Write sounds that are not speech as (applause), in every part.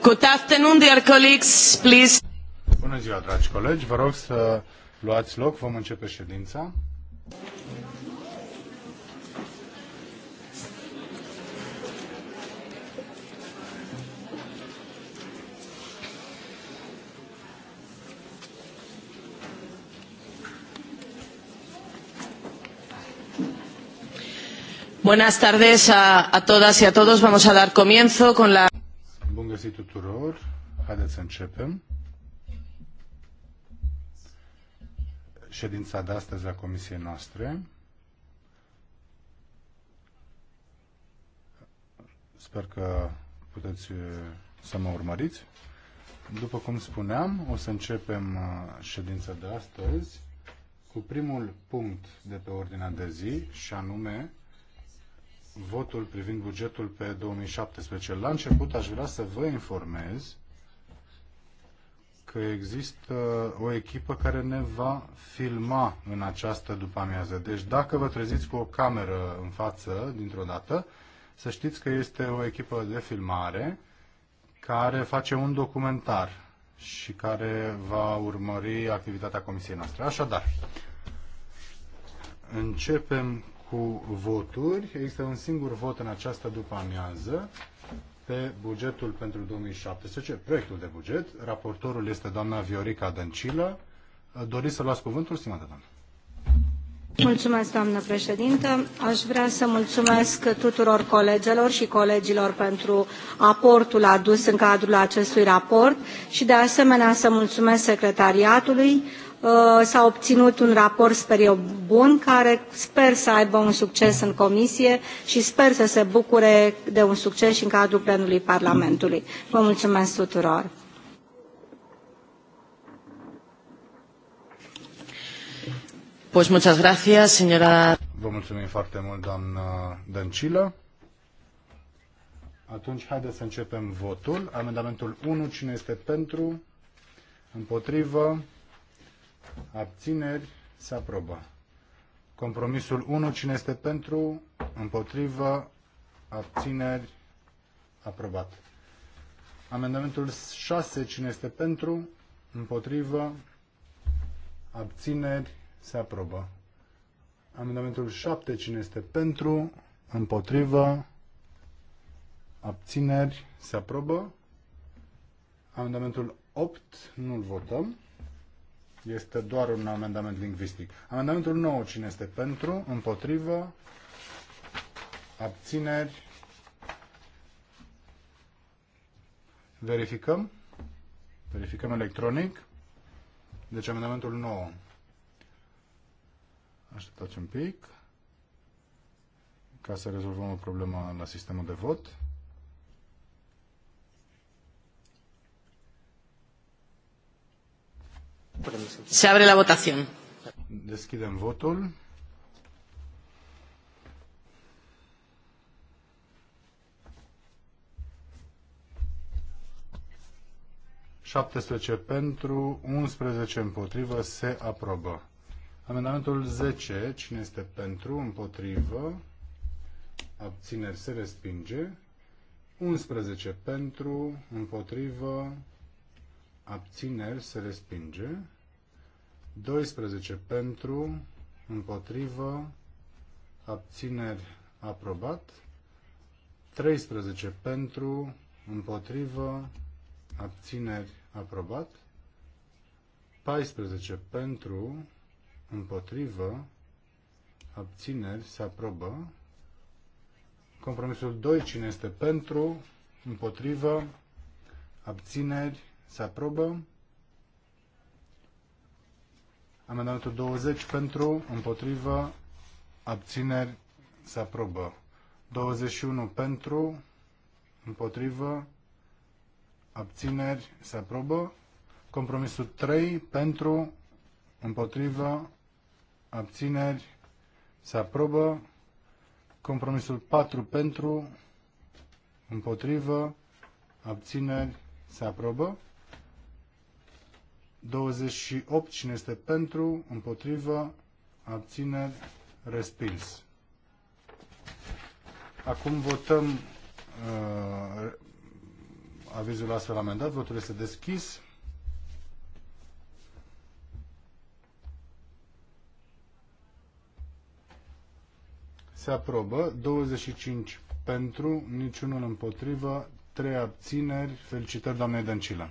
Good afternoon, dear colleagues, please. Bună ziua, dragi colegi. Vă rog să luați loc. Vom începe ședința. Buenas tardes a, a todas y a todos. Vamos a dar comienzo con la sigur. Haideți să începem. Ședința de astăzi a comisiei noastre. Sper că puteți uh, să mă urmăriți. După cum spuneam, o să începem uh, ședința de astăzi cu primul punct de pe ordinea de zi și anume votul privind bugetul pe 2017. La început aș vrea să vă informez că există o echipă care ne va filma în această după-amiază. Deci dacă vă treziți cu o cameră în față dintr-o dată, să știți că este o echipă de filmare care face un documentar și care va urmări activitatea comisiei noastre. Așadar, începem cu voturi. Există un singur vot în această după amiază pe bugetul pentru 2017, proiectul de buget. Raportorul este doamna Viorica Dăncilă. Doriți să luați cuvântul, stimată doamnă? Mulțumesc, doamnă președintă. Aș vrea să mulțumesc tuturor colegelor și colegilor pentru aportul adus în cadrul acestui raport și, de asemenea, să mulțumesc secretariatului, Uh, s-a obținut un raport, sper eu, bun, care sper să aibă un succes în comisie și sper să se bucure de un succes și în cadrul plenului Parlamentului. Vă mulțumesc tuturor! Pues muchas gracias, señora... Vă mulțumim foarte mult, doamnă Dăncilă. Atunci, haideți să începem votul. Amendamentul 1, cine este pentru? Împotrivă? abțineri, se aprobă. Compromisul 1, cine este pentru, împotrivă, abțineri, aprobat. Amendamentul 6, cine este pentru, împotrivă, abțineri, se aprobă. Amendamentul 7, cine este pentru, împotrivă, abțineri, se aprobă. Amendamentul 8, nu-l votăm. Este doar un amendament lingvistic. Amendamentul 9, cine este pentru, împotrivă, abțineri, verificăm, verificăm electronic, deci amendamentul 9. Așteptați un pic ca să rezolvăm o problemă la sistemul de vot. Se abre la votación. Deschidem votul. Șaptesprezece pentru, unsprezece împotrivă, se aprobă. Amendamentul 10, cine este pentru, împotrivă, abțineri se respinge. 11 pentru, împotrivă, abțineri se respinge. 12 pentru, împotrivă, abțineri aprobat. 13 pentru, împotrivă, abțineri aprobat. 14 pentru, împotrivă, abțineri se aprobă. Compromisul 2, cine este pentru, împotrivă, abțineri se aprobă. Amendamentul 20 pentru, împotrivă, abțineri, se aprobă. 21 pentru, împotrivă, abțineri, se aprobă. Compromisul 3 pentru, împotrivă, abțineri, se aprobă. Compromisul 4 pentru, împotrivă, abțineri, se aprobă. 28. Cine este pentru? Împotrivă? Abțineri? Respins. Acum votăm uh, avizul astfel amendat. Votul este deschis. Se aprobă 25 pentru, niciunul împotrivă, 3 abțineri. Felicitări, doamnei Dăncilă.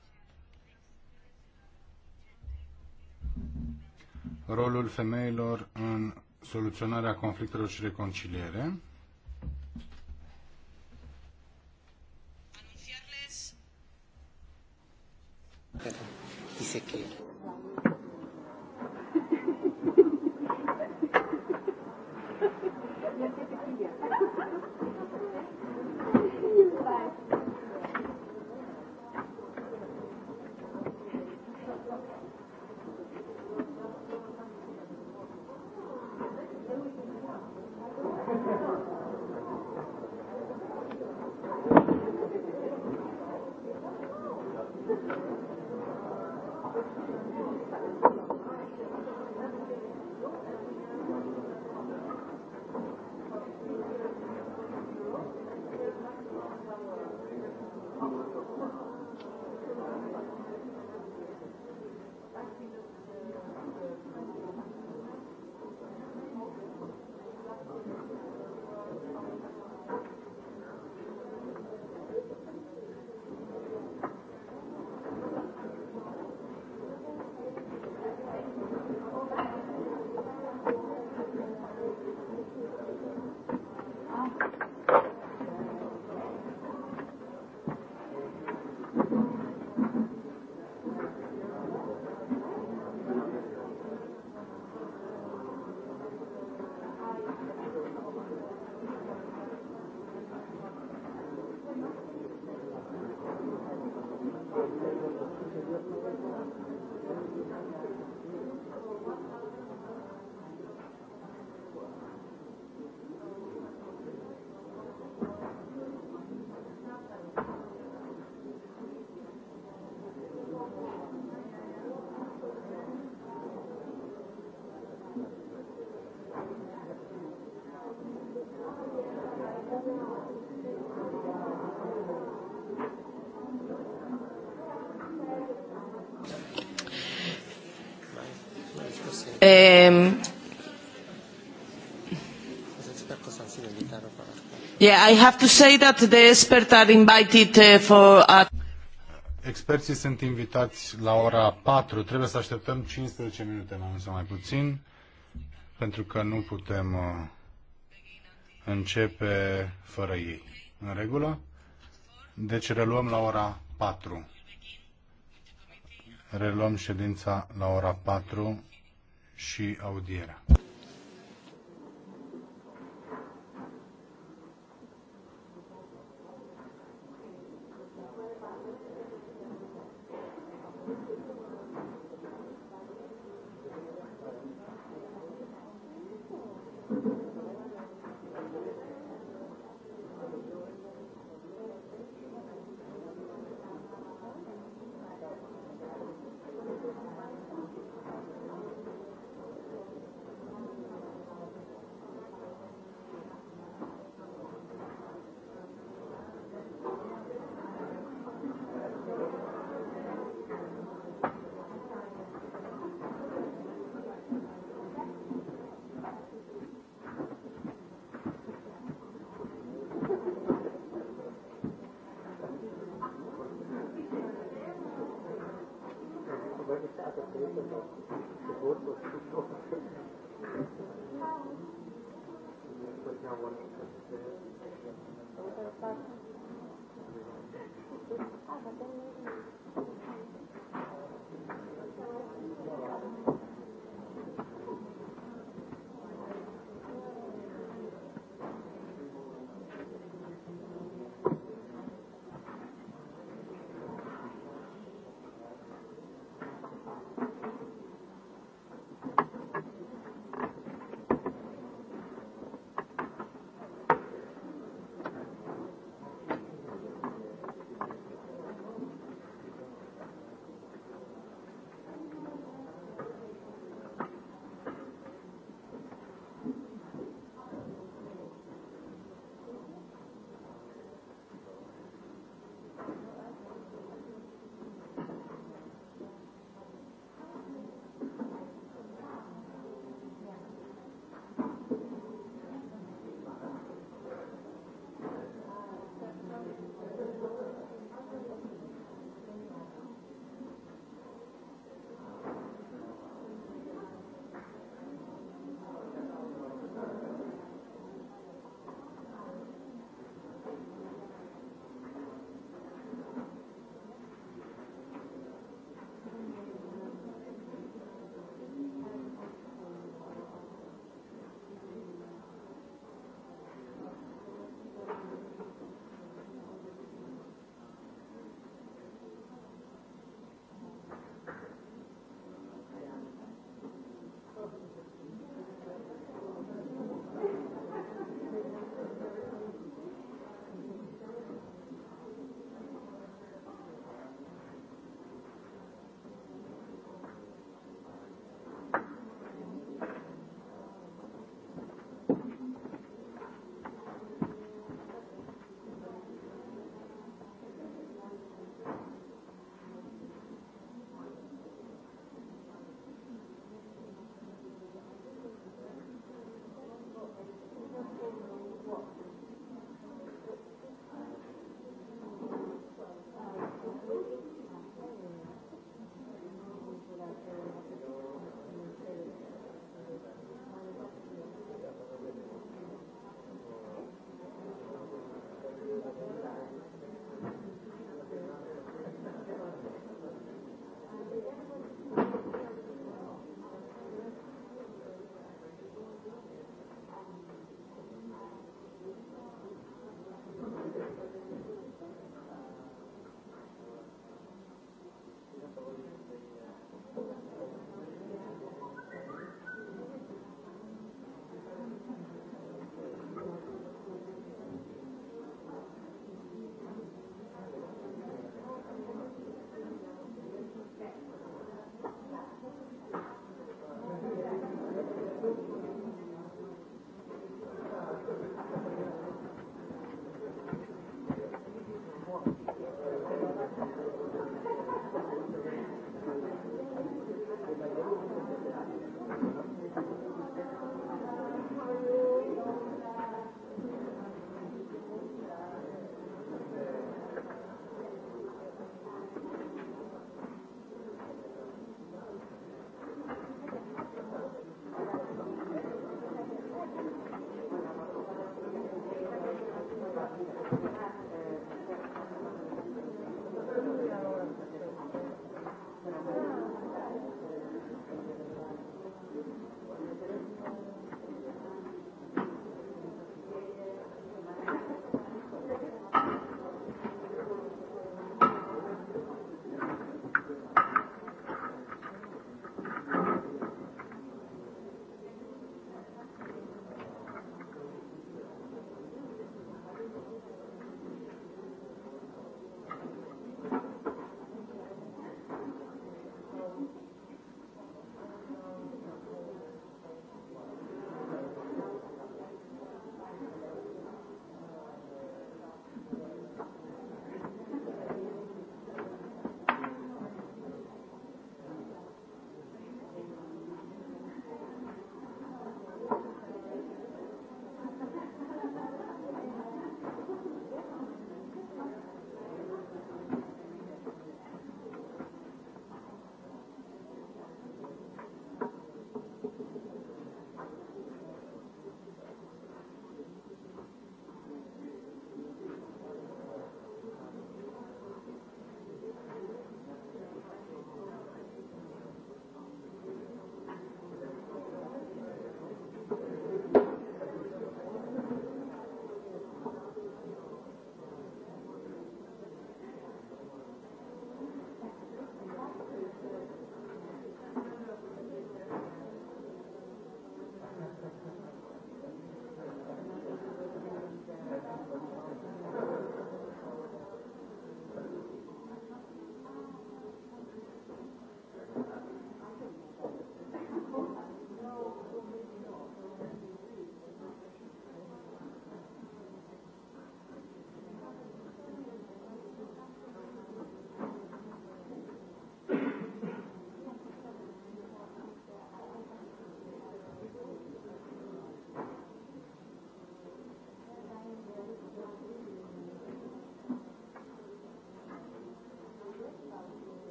rolul femeilor în soluționarea conflictelor și reconciliere. Experții sunt invitați la ora 4. Trebuie să așteptăm 15 minute, mai mult sau mai puțin, pentru că nu putem uh, începe fără ei. În regulă? Deci reluăm la ora 4. Reluăm ședința la ora 4 și audierea.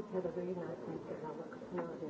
Üstelik her a bölümnek mindjárt a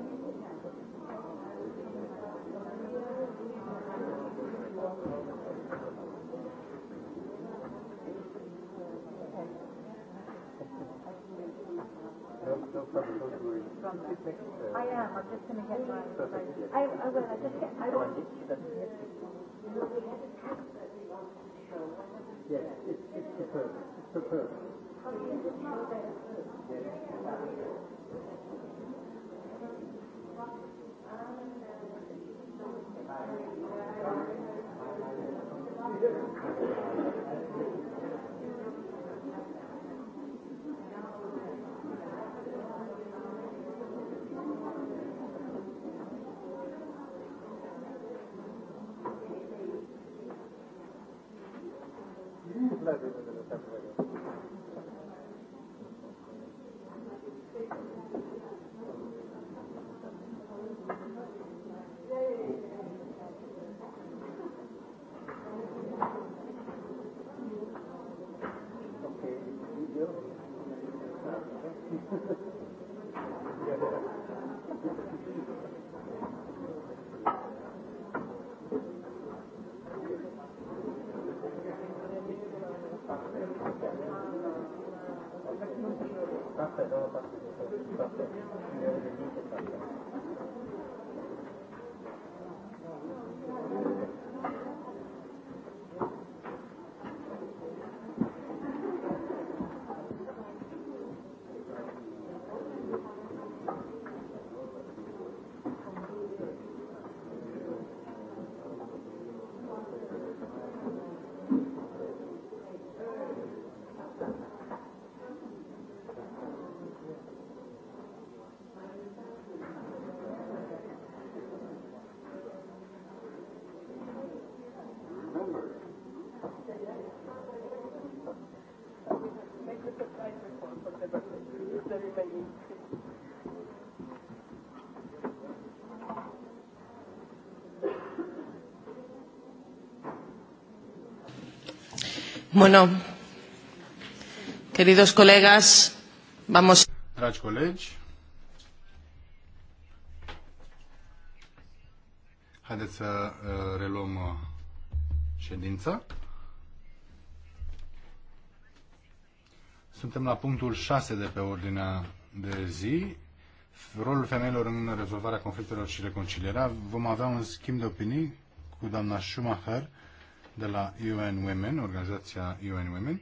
I am. I'm just going to get my. I, I will. I just get. I will. Yes, it's, it's superb. It's superb. Thank Bueno, queridos colegas, vamos. Dragi colegi, haideți să uh, reluăm uh, ședința. Suntem la punctul 6 de pe ordinea de zi, rolul femeilor în rezolvarea conflictelor și reconcilierea. Vom avea un schimb de opinii cu doamna Schumacher, de la UN Women, organizația UN Women.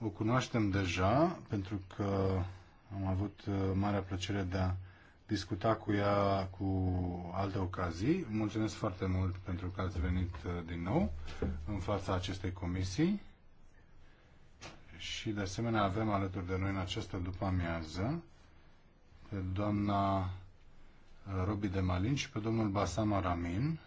O cunoaștem deja pentru că am avut uh, marea plăcere de a discuta cu ea cu alte ocazii. Mulțumesc foarte mult pentru că ați venit uh, din nou în fața acestei comisii. Și de asemenea avem alături de noi în această după amiază pe doamna uh, Robi de Malin și pe domnul Basama Ramin,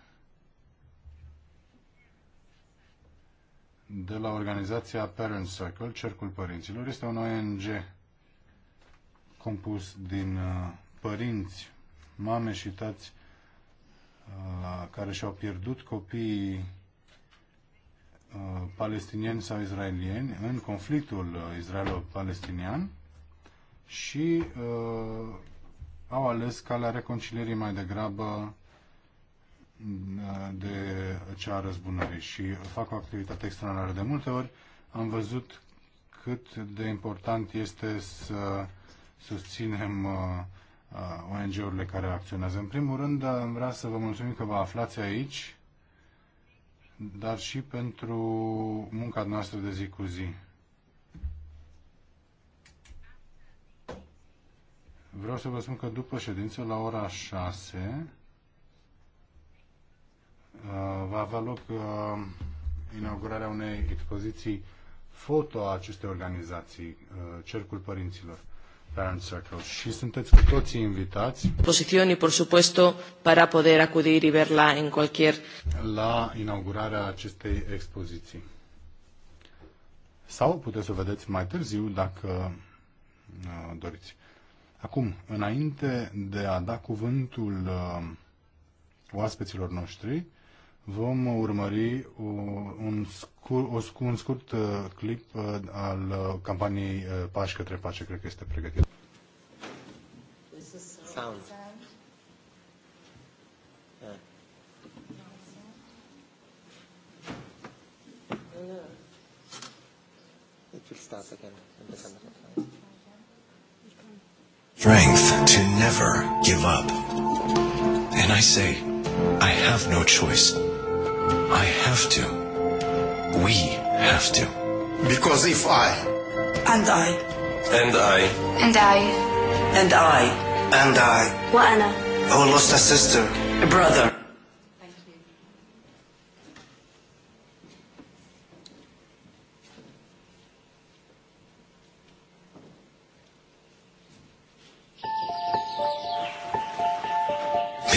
de la organizația Parent Circle, Cercul Părinților. Este un ONG compus din uh, părinți, mame și tați uh, care și-au pierdut copiii uh, palestinieni sau izraelieni în conflictul israelo-palestinian și uh, au ales calea reconcilierii mai degrabă de cea a răzbunării și fac o activitate extraordinară. De multe ori am văzut cât de important este să susținem uh, uh, ONG-urile care acționează. În primul rând, uh, am vrea să vă mulțumim că vă aflați aici, dar și pentru munca noastră de zi cu zi. Vreau să vă spun că după ședință, la ora 6, Uh, va avea loc uh, inaugurarea unei expoziții foto a acestei organizații, uh, Cercul Părinților. Și sunteți cu toții invitați. Posición por supuesto, para poder acudir y verla en cualquier... La inaugurarea acestei expoziții. Sau puteți să o vedeți mai târziu, dacă doriți. Acum, înainte de a da cuvântul oaspeților noștri, vom urmări o, un, scur, o, un scurt uh, clip uh, al uh, campaniei Pași către pace, cred că este pregătit. Sound. starts again in Strength to never give up. And I say, I have no choice. I have to. We have to. Because if I. And I. And I. And I. And I. And I. وأنا. Who oh, lost a sister, a brother.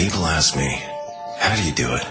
People ask me, how do you do it?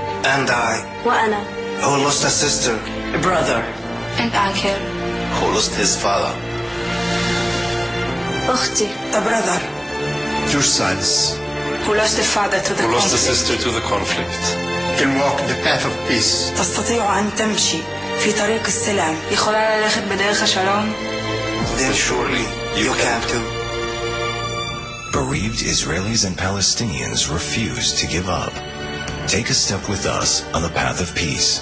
And I. وأنا. Who lost a sister, a brother. And uncle. Who lost his father. أختي. A brother. Your sons. Who lost a father to the conflict, Who conflict. lost a sister to the conflict. Can walk the path of peace. تستطيع أن تمشي في طريق السلام. יכולה ללכת בדרך השלום. Then surely you can too. Bereaved Israelis and Palestinians refuse to give up. Take a step with us on the path of peace.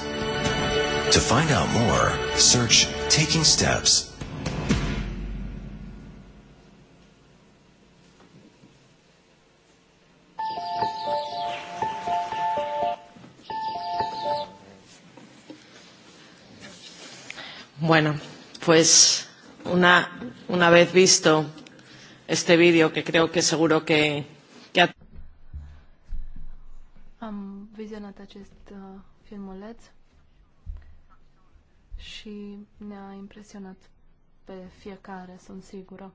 To find out more, search Taking Steps Bueno, pues una, una vez visto este vídeo, que creo que seguro que vizionat acest uh, filmuleț și ne-a impresionat pe fiecare, sunt sigură.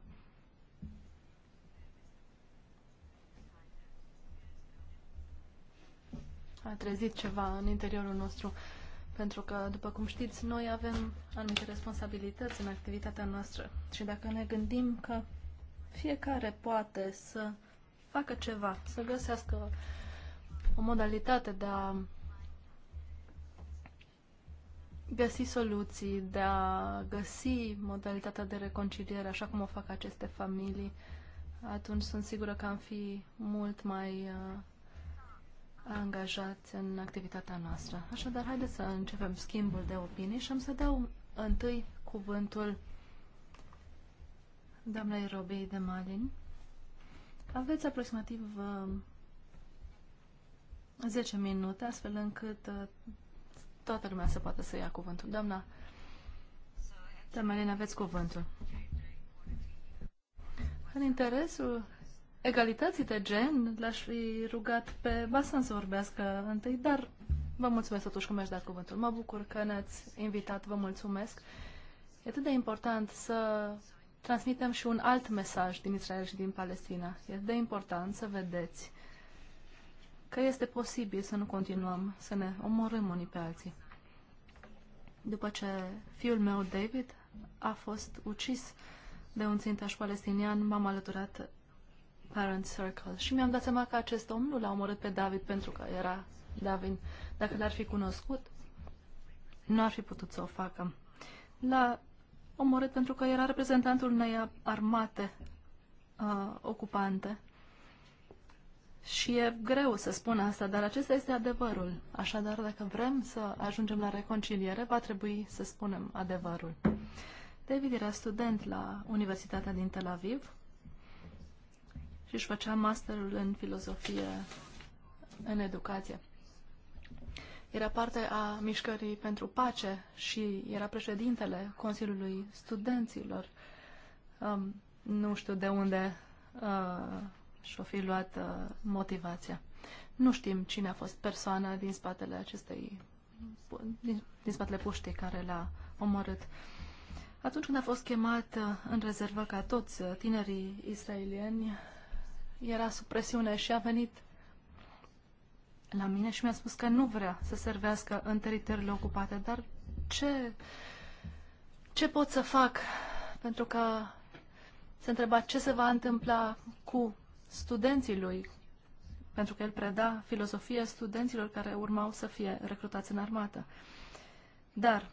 A trezit ceva în interiorul nostru, pentru că, după cum știți, noi avem anumite responsabilități în activitatea noastră și dacă ne gândim că fiecare poate să facă ceva, să găsească uh, o modalitate de a găsi soluții, de a găsi modalitatea de reconciliere, așa cum o fac aceste familii, atunci sunt sigură că am fi mult mai uh, angajați în activitatea noastră. Așadar, haideți să începem schimbul de opinii și am să dau întâi cuvântul doamnei Robei de Malin. Aveți aproximativ uh, 10 minute, astfel încât uh, toată lumea să poată să ia cuvântul. Doamna Elena, aveți cuvântul. În interesul egalității de gen, l-aș fi rugat pe Basan să vorbească întâi, dar vă mulțumesc totuși că mi aș dat cuvântul. Mă bucur că ne-ați invitat, vă mulțumesc. E atât de important să transmitem și un alt mesaj din Israel și din Palestina. E de important să vedeți că este posibil să nu continuăm să ne omorâm unii pe alții. După ce fiul meu, David, a fost ucis de un țintaș palestinian, m-am alăturat Parent Circle și mi-am dat seama că acest om nu l-a omorât pe David pentru că era David. Dacă l-ar fi cunoscut, nu ar fi putut să o facă. L-a omorât pentru că era reprezentantul unei armate uh, ocupante și e greu să spun asta, dar acesta este adevărul. Așadar, dacă vrem să ajungem la reconciliere, va trebui să spunem adevărul. David era student la Universitatea din Tel Aviv și își făcea masterul în filozofie, în educație. Era parte a mișcării pentru pace și era președintele Consiliului Studenților. Um, nu știu de unde uh, și-o fi luat uh, motivația. Nu știm cine a fost persoana din spatele acestei, din, din spatele puștii care l-a omorât. Atunci când a fost chemat uh, în rezervă ca toți uh, tinerii israelieni, era sub presiune și a venit la mine și mi-a spus că nu vrea să servească în teritoriile ocupate, dar ce, ce pot să fac? Pentru că se întreba ce se va întâmpla cu studenții lui, pentru că el preda filozofie studenților care urmau să fie recrutați în armată. Dar,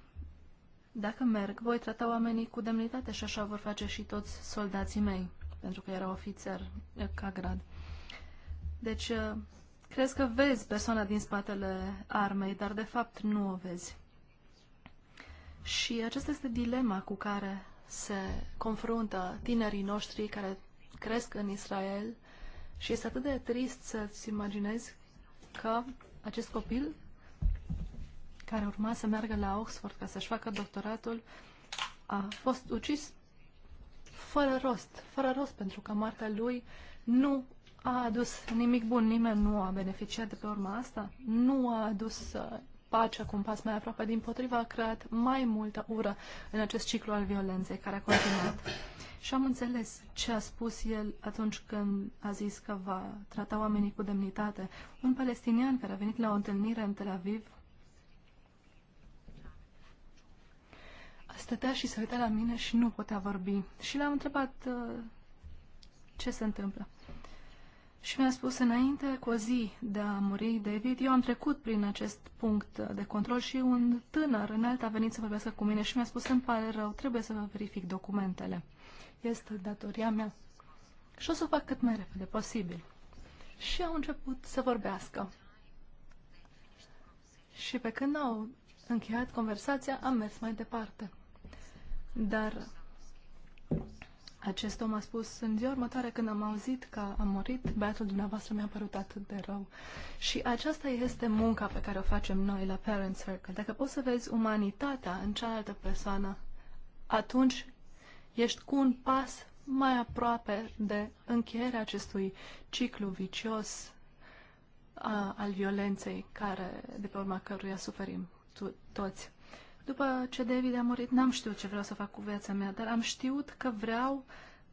dacă merg, voi trata oamenii cu demnitate și așa vor face și toți soldații mei, pentru că era ofițer ca grad. Deci, crezi că vezi persoana din spatele armei, dar de fapt nu o vezi. Și aceasta este dilema cu care se confruntă tinerii noștri care cresc în Israel și este atât de trist să-ți imaginezi că acest copil care urma să meargă la Oxford ca să-și facă doctoratul a fost ucis fără rost, fără rost, pentru că moartea lui nu a adus nimic bun, nimeni nu a beneficiat de pe urma asta, nu a adus uh, pacea cu un pas mai aproape, din potriva a creat mai multă ură în acest ciclu al violenței care a continuat. Și am înțeles ce a spus el atunci când a zis că va trata oamenii cu demnitate. Un palestinian care a venit la o întâlnire în Tel Aviv stătea și se uita la mine și nu putea vorbi. Și l-am întrebat uh, ce se întâmplă. Și mi-a spus înainte, cu o zi de a muri David, eu am trecut prin acest punct de control și un tânăr înalt a venit să vorbească cu mine și mi-a spus, îmi pare rău, trebuie să vă verific documentele. Este datoria mea. Și o să o fac cât mai repede posibil. Și au început să vorbească. Și pe când au încheiat conversația, am mers mai departe. Dar acest om a spus, în ziua următoare când am auzit că a murit, băiatul dumneavoastră mi-a părut atât de rău. Și aceasta este munca pe care o facem noi la Parent Circle. Dacă poți să vezi umanitatea în cealaltă persoană, atunci ești cu un pas mai aproape de încheierea acestui ciclu vicios a, al violenței care, de pe urma căruia suferim toți. După ce David a murit, n-am știut ce vreau să fac cu viața mea, dar am știut că vreau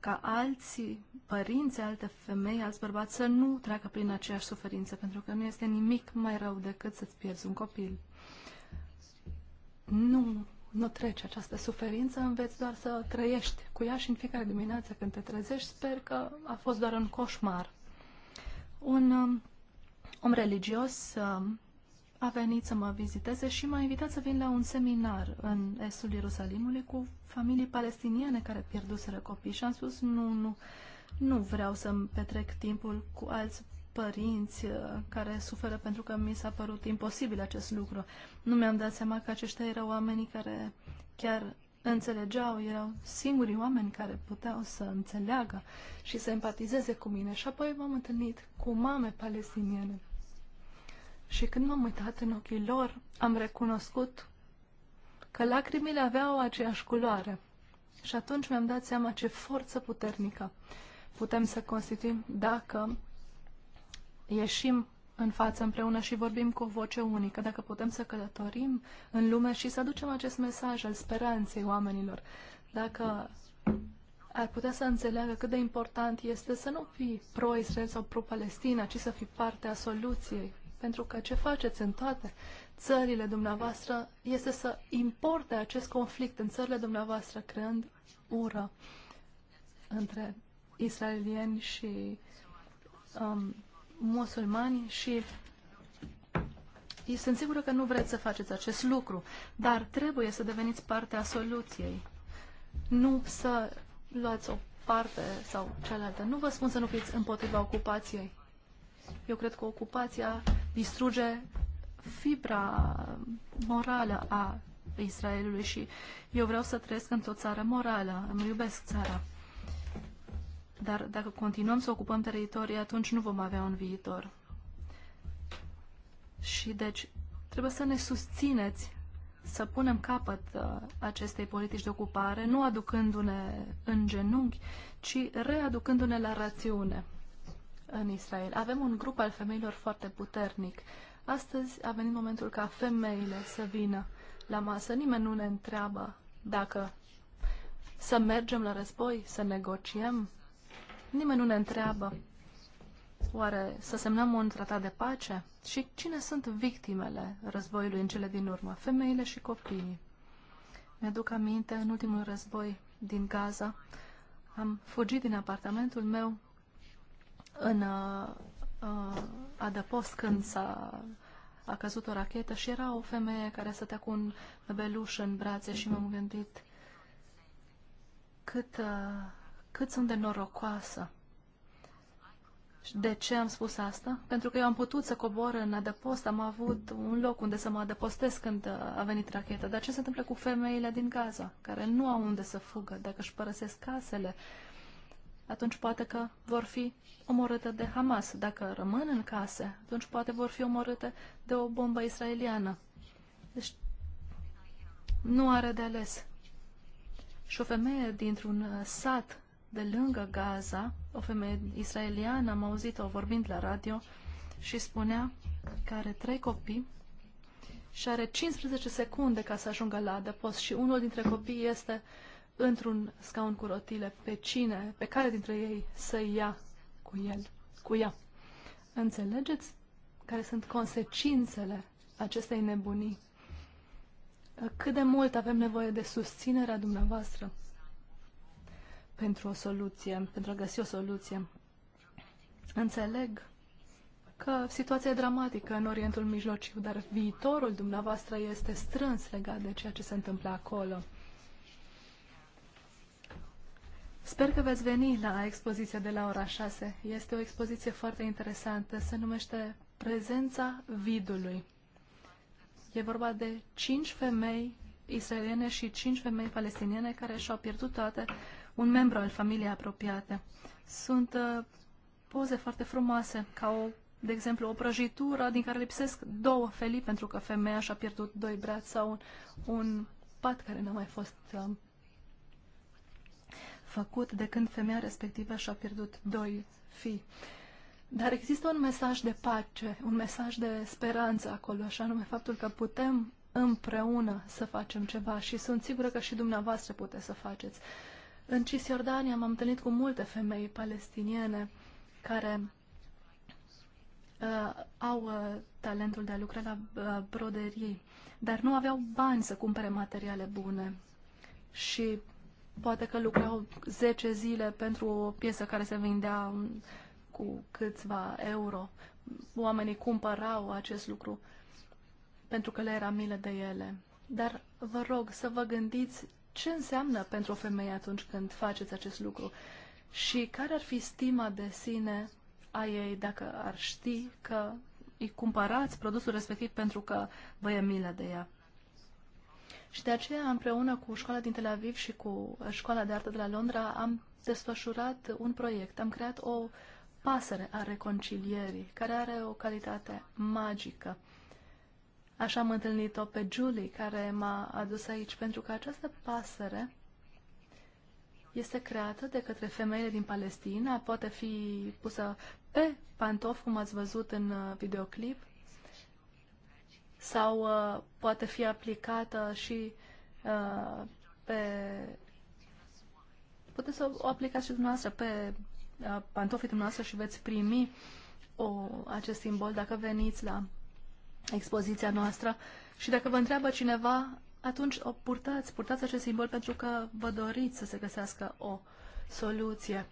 ca alții părinți, alte femei, alți bărbați să nu treacă prin aceeași suferință, pentru că nu este nimic mai rău decât să-ți pierzi un copil. Nu, nu trece această suferință, înveți doar să trăiești cu ea și în fiecare dimineață când te trezești, sper că a fost doar un coșmar. Un um, om religios um, a venit să mă viziteze și m-a invitat să vin la un seminar în estul Ierusalimului cu familii palestiniene care pierduseră copii și am spus nu, nu, nu vreau să-mi petrec timpul cu alți părinți uh, care suferă pentru că mi s-a părut imposibil acest lucru. Nu mi-am dat seama că aceștia erau oamenii care chiar înțelegeau, erau singurii oameni care puteau să înțeleagă și să empatizeze cu mine. Și apoi m-am întâlnit cu mame palestiniene și când m-am uitat în ochii lor, am recunoscut că lacrimile aveau aceeași culoare. Și atunci mi-am dat seama ce forță puternică putem să constituim dacă ieșim în față împreună și vorbim cu o voce unică, dacă putem să călătorim în lume și să aducem acest mesaj al speranței oamenilor, dacă ar putea să înțeleagă cât de important este să nu fii pro-Israel sau pro-Palestina, ci să fii parte a soluției pentru că ce faceți în toate țările dumneavoastră este să importe acest conflict în țările dumneavoastră, creând ură între israelieni și um, musulmani și sunt sigură că nu vreți să faceți acest lucru, dar trebuie să deveniți parte a soluției, nu să luați o parte sau cealaltă. Nu vă spun să nu fiți împotriva ocupației. Eu cred că ocupația distruge fibra morală a Israelului și eu vreau să trăiesc într-o țară morală, îmi iubesc țara. Dar dacă continuăm să ocupăm teritorii, atunci nu vom avea un viitor. Și deci trebuie să ne susțineți să punem capăt uh, acestei politici de ocupare, nu aducându-ne în genunchi, ci readucându-ne la rațiune în Israel. Avem un grup al femeilor foarte puternic. Astăzi a venit momentul ca femeile să vină la masă. Nimeni nu ne întreabă dacă să mergem la război, să negociem. Nimeni nu ne întreabă oare să semnăm un tratat de pace? Și cine sunt victimele războiului în cele din urmă? Femeile și copiii. Mi-aduc aminte, în ultimul război din Gaza, am fugit din apartamentul meu în uh, adăpost când s-a a căzut o rachetă și era o femeie care stătea cu un beluș în brațe și m-am gândit cât, uh, cât sunt de norocoasă. De ce am spus asta? Pentru că eu am putut să cobor în adăpost, am avut un loc unde să mă adăpostesc când uh, a venit racheta. Dar ce se întâmplă cu femeile din Gaza, care nu au unde să fugă? Dacă își părăsesc casele, uh, atunci poate că vor fi omorâte de Hamas. Dacă rămân în case, atunci poate vor fi omorâte de o bombă israeliană. Deci nu are de ales. Și o femeie dintr-un uh, sat de lângă Gaza, o femeie israeliană, am auzit-o vorbind la radio și spunea că are trei copii și are 15 secunde ca să ajungă la adăpost și unul dintre copii este uh, într-un scaun cu rotile pe cine, pe care dintre ei să ia cu el, cu ea. Înțelegeți care sunt consecințele acestei nebunii? Cât de mult avem nevoie de susținerea dumneavoastră pentru o soluție, pentru a găsi o soluție. Înțeleg că situația e dramatică în Orientul Mijlociu, dar viitorul dumneavoastră este strâns legat de ceea ce se întâmplă acolo. Sper că veți veni la expoziția de la ora 6. Este o expoziție foarte interesantă. Se numește Prezența vidului. E vorba de cinci femei israeliene și cinci femei palestiniene care și-au pierdut toate un membru al familiei apropiate. Sunt uh, poze foarte frumoase, ca o, de exemplu, o prăjitură din care lipsesc două felii pentru că femeia și-a pierdut doi brați sau un, un pat care nu a mai fost uh, făcut de când femeia respectivă și-a pierdut doi fii. Dar există un mesaj de pace, un mesaj de speranță acolo, așa nume faptul că putem împreună să facem ceva și sunt sigură că și dumneavoastră puteți să faceți. În Cisjordania m-am întâlnit cu multe femei palestiniene care uh, au uh, talentul de a lucra la uh, broderii, dar nu aveau bani să cumpere materiale bune. Și Poate că lucrau 10 zile pentru o piesă care se vindea cu câțiva euro. Oamenii cumpărau acest lucru pentru că le era milă de ele. Dar vă rog să vă gândiți ce înseamnă pentru o femeie atunci când faceți acest lucru și care ar fi stima de sine a ei dacă ar ști că îi cumpărați produsul respectiv pentru că vă e milă de ea. Și de aceea, împreună cu școala din Tel Aviv și cu școala de artă de la Londra, am desfășurat un proiect. Am creat o pasăre a reconcilierii, care are o calitate magică. Așa am întâlnit-o pe Julie, care m-a adus aici, pentru că această pasăre este creată de către femeile din Palestina, poate fi pusă pe pantof, cum ați văzut în uh, videoclip, sau uh, poate fi aplicată și uh, pe... Puteți să o aplicați și dumneavoastră pe uh, pantofii dumneavoastră și veți primi o, acest simbol dacă veniți la expoziția noastră. Și dacă vă întreabă cineva, atunci o purtați, purtați acest simbol pentru că vă doriți să se găsească o soluție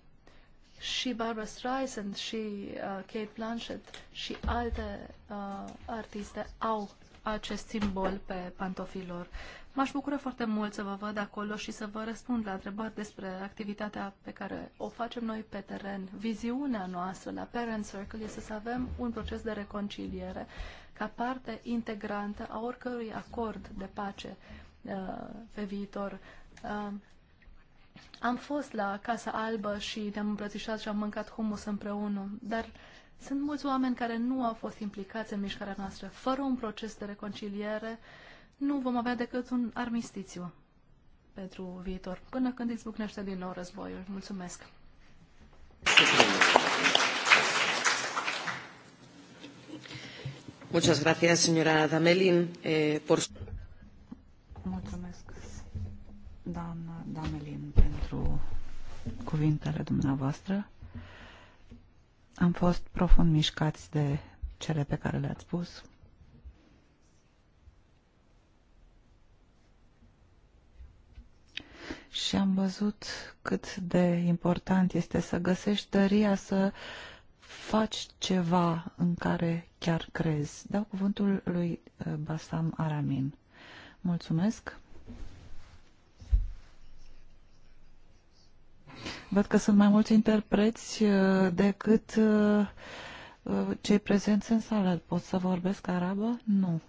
și Barbara Streisand și uh, Kate Blanchett și alte uh, artiste au acest simbol pe pantofilor. M-aș bucura foarte mult să vă văd acolo și să vă răspund la întrebări despre activitatea pe care o facem noi pe teren. Viziunea noastră la Parent Circle este să avem un proces de reconciliere ca parte integrantă a oricărui acord de pace uh, pe viitor. Uh, am fost la Casa Albă și ne-am îmbrățișat și am mâncat hummus împreună, dar sunt mulți oameni care nu au fost implicați în mișcarea noastră. Fără un proces de reconciliere, nu vom avea decât un armistițiu pentru viitor, până când izbucnește din nou războiul. Mulțumesc! Muchas gracias, señora Damelin, eh, por... gracias, Dan Damelin, cuvintele dumneavoastră. Am fost profund mișcați de cele pe care le-ați spus. Și am văzut cât de important este să găsești tăria să faci ceva în care chiar crezi. Dau cuvântul lui uh, Basam Aramin. Mulțumesc! Văd că sunt mai mulți interpreți uh, decât uh, uh, cei prezenți în sală. Pot să vorbesc arabă? Nu.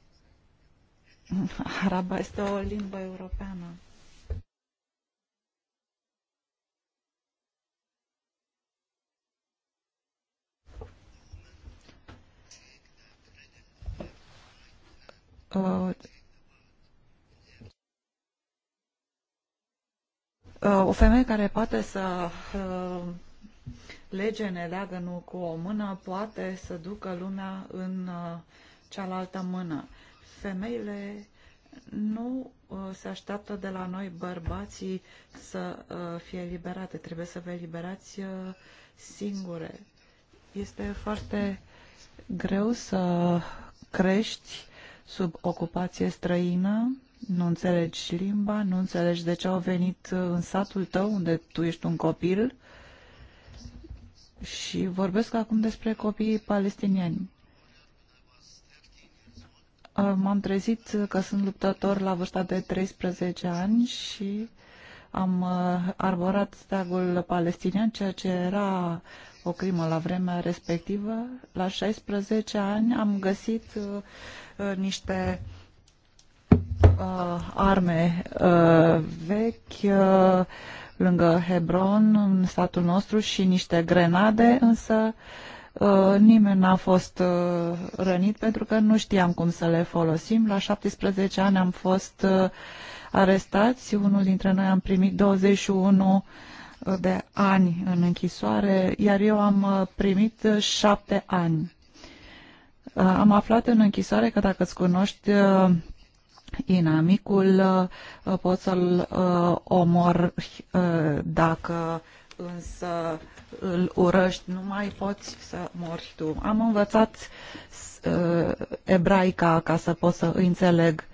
(laughs) Araba este o limbă europeană. Uh, o femeie care poate să uh, lege leagănul cu o mână poate să ducă lumea în uh, cealaltă mână. Femeile nu se așteaptă de la noi bărbații să fie liberate Trebuie să vă eliberați singure. Este foarte greu să crești sub ocupație străină nu înțelegi limba, nu înțelegi de ce au venit în satul tău unde tu ești un copil și vorbesc acum despre copiii palestinieni. Uh, m-am trezit că sunt luptător la vârsta de 13 ani și am uh, arborat steagul palestinian, ceea ce era o crimă la vremea respectivă. La 16 ani am găsit uh, niște Uh, arme uh, vechi uh, lângă Hebron, în statul nostru, și niște grenade, însă nimeni n-a fost rănit pentru că nu știam cum să le folosim. La 17 ani am fost arestați, unul dintre noi am primit 21 de ani în închisoare, iar eu am primit șapte ani. Am aflat în închisoare că dacă îți cunoști Inamicul uh, pot să-l uh, omor uh, dacă însă îl urăști, nu mai poți să mori tu. Am învățat ebraica ca să pot să înțeleg.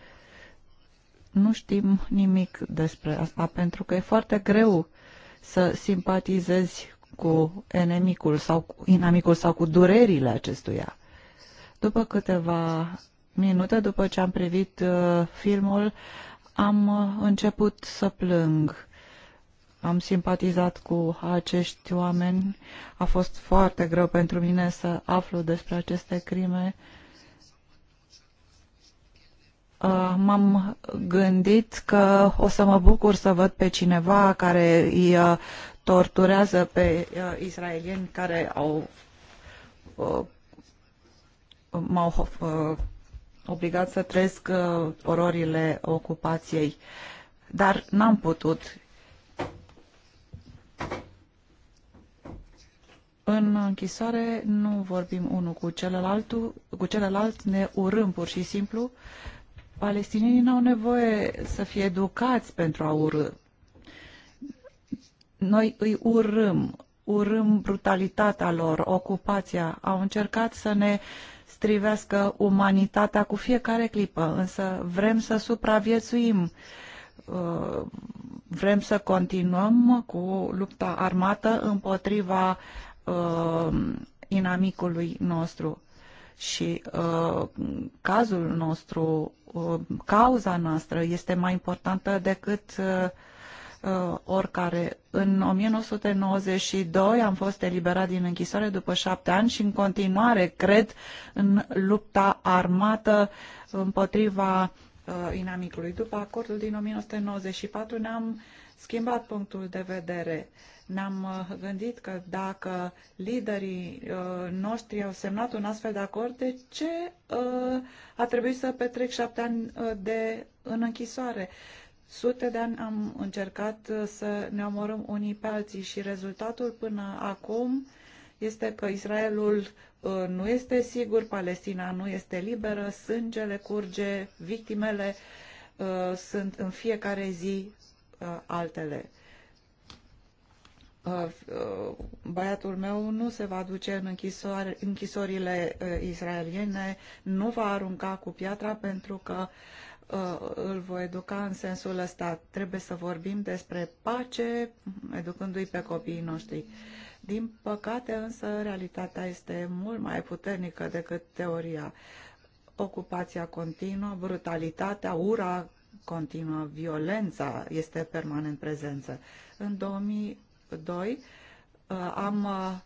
Nu știm nimic despre asta, pentru că e foarte greu să simpatizezi cu enemicul sau cu inamicul sau cu durerile acestuia. După câteva minute după ce am privit uh, filmul, am uh, început să plâng. Am simpatizat cu acești oameni. A fost foarte greu pentru mine să aflu despre aceste crime. Uh, M-am gândit că o să mă bucur să văd pe cineva care îi uh, torturează pe uh, israelieni care au uh, m-au uh, obligat să trăiesc uh, ororile ocupației, dar n-am putut. În închisoare nu vorbim unul cu celălalt, cu celălalt ne urâm pur și simplu. Palestinienii n-au nevoie să fie educați pentru a urâ. Noi îi urâm, urâm brutalitatea lor, ocupația. Au încercat să ne uh, strivească umanitatea cu fiecare clipă, însă vrem să supraviețuim. Uh, vrem să continuăm cu lupta armată împotriva uh, inamicului nostru. Și uh, cazul nostru, cauza noastră este mai importantă decât uh, oricare. În 1992 am fost eliberat din închisoare după șapte ani și în continuare cred în lupta armată împotriva uh, inamicului. După acordul din 1994 ne-am schimbat punctul de vedere. Ne-am uh, gândit că dacă liderii uh, noștri au semnat un astfel de acord, de ce uh, a trebuit să petrec șapte ani uh, de în închisoare? Uh, Sute de ani am încercat uh, să ne omorâm unii pe alții și rezultatul până acum este că Israelul uh, nu este sigur, Palestina nu este liberă, sângele curge, victimele uh, sunt în fiecare zi altele. băiatul meu nu se va duce în închisorile israeliene, nu va arunca cu piatra pentru că uh, Uh, îl voi educa în sensul ăsta. Trebuie să vorbim despre pace, educându-i pe copiii noștri. Din păcate, însă, realitatea este mult mai puternică decât teoria. Ocupația continuă, brutalitatea, ura continuă, violența este permanent prezență. În 2002 uh, am uh,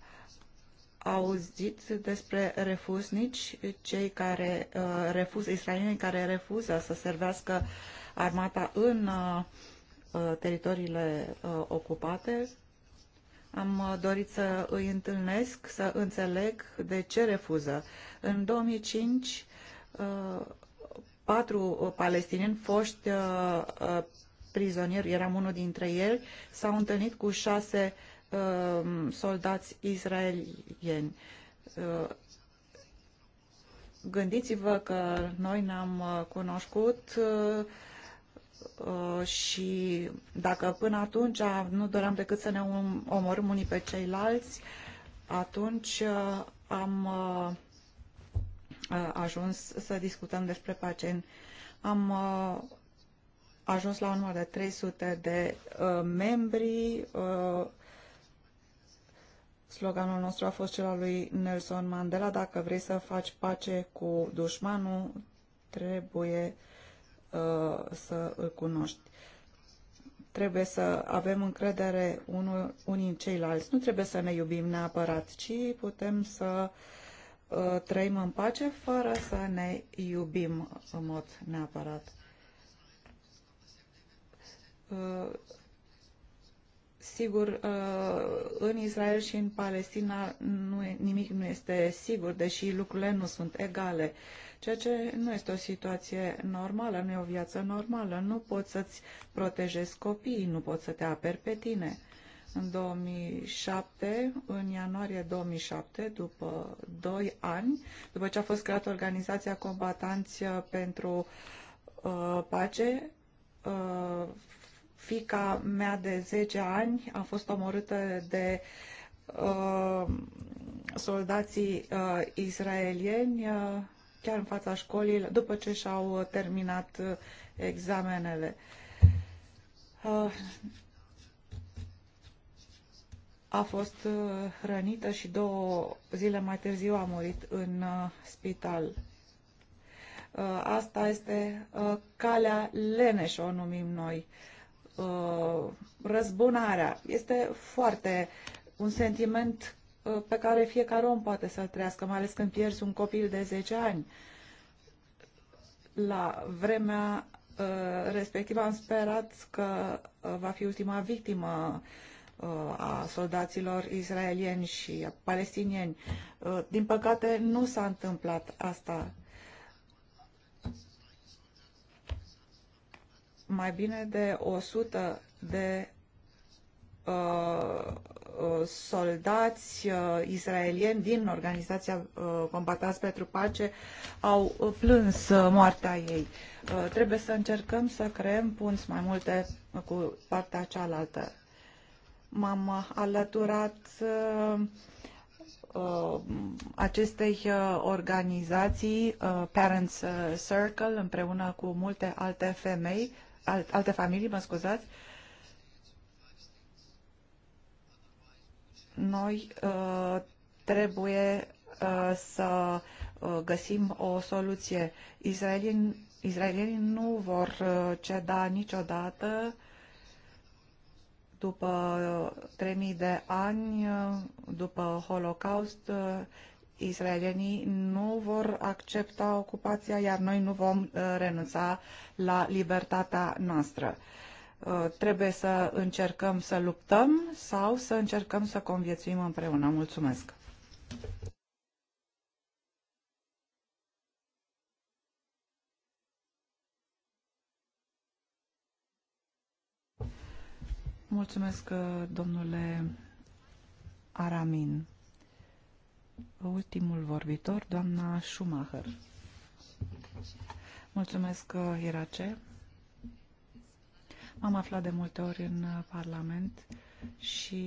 auzit despre refuznici, cei care uh, refuză, israelienii care refuză să servească armata în uh, uh teritoriile uh, ocupate. Am uh, dorit să îi întâlnesc, să înțeleg de ce refuză. În 2005, uh, patru palestinieni, foști prizonieri, eram unul dintre ei, s-au întâlnit cu șase Um, soldați israelieni. Uh, gândiți-vă că noi ne-am uh, cunoscut uh, și dacă până atunci nu doream decât să ne um, omorâm unii pe ceilalți, atunci am ajuns să discutăm despre pace. Am ajuns la un număr de 300 de membri Sloganul nostru a fost cel al lui Nelson Mandela, dacă vrei să faci pace cu dușmanul, trebuie uh, să îl cunoști. Trebuie să avem încredere unul, unii în ceilalți. Nu trebuie să ne iubim neapărat, ci putem să uh, trăim în pace fără să ne iubim în mod neapărat. Uh, Sigur, uh, în Israel și în Palestina nu e, nimic nu este sigur, deși lucrurile nu sunt egale, ceea ce nu este o situație normală, nu e o viață normală. Nu poți să-ți protejezi copiii, nu poți să te aperi pe tine. În 2007, în ianuarie 2007, după 2 ani, după ce a fost creată organizația Combatanți uh, pentru uh, Pace, uh, Fica mea de 10 ani a fost omorâtă de uh, soldații uh, israelieni uh, chiar în fața școlii, după ce și-au terminat uh, examenele. Uh, a fost uh, rănită și două zile mai târziu a murit în uh, spital. Uh, asta este calea leneș, o numim noi. Uh, răzbunarea. Este foarte un sentiment uh, pe care fiecare om poate să-l trăiască, mai ales când pierzi un copil de 10 ani. La vremea uh, respectivă am sperat că va fi ultima victimă a soldaților israelieni și palestinieni. Din păcate, nu s-a întâmplat asta mai bine de 100 de uh, uh, soldați uh, israelieni din organizația uh, Combatați pentru Pace au plâns uh, moartea ei. Uh, trebuie să încercăm să creăm punți mai multe cu partea cealaltă. M-am alăturat uh, acestei uh, organizații uh, Parents Circle împreună cu multe alte femei alt, alte familii, mă scuzați, noi uh, trebuie uh, să uh, găsim o soluție. Israelieni, israelienii nu vor uh, ceda niciodată după 3000 uh, de ani, uh, după Holocaust, israelienii nu vor accepta ocupația, iar noi nu vom uh, renunța la libertatea noastră. Uh, trebuie să încercăm să luptăm sau să încercăm să conviețuim împreună. Mulțumesc! Mulțumesc, uh, domnule Aramin ultimul vorbitor, doamna Schumacher. Mulțumesc, Irace. M-am aflat de multe ori în Parlament și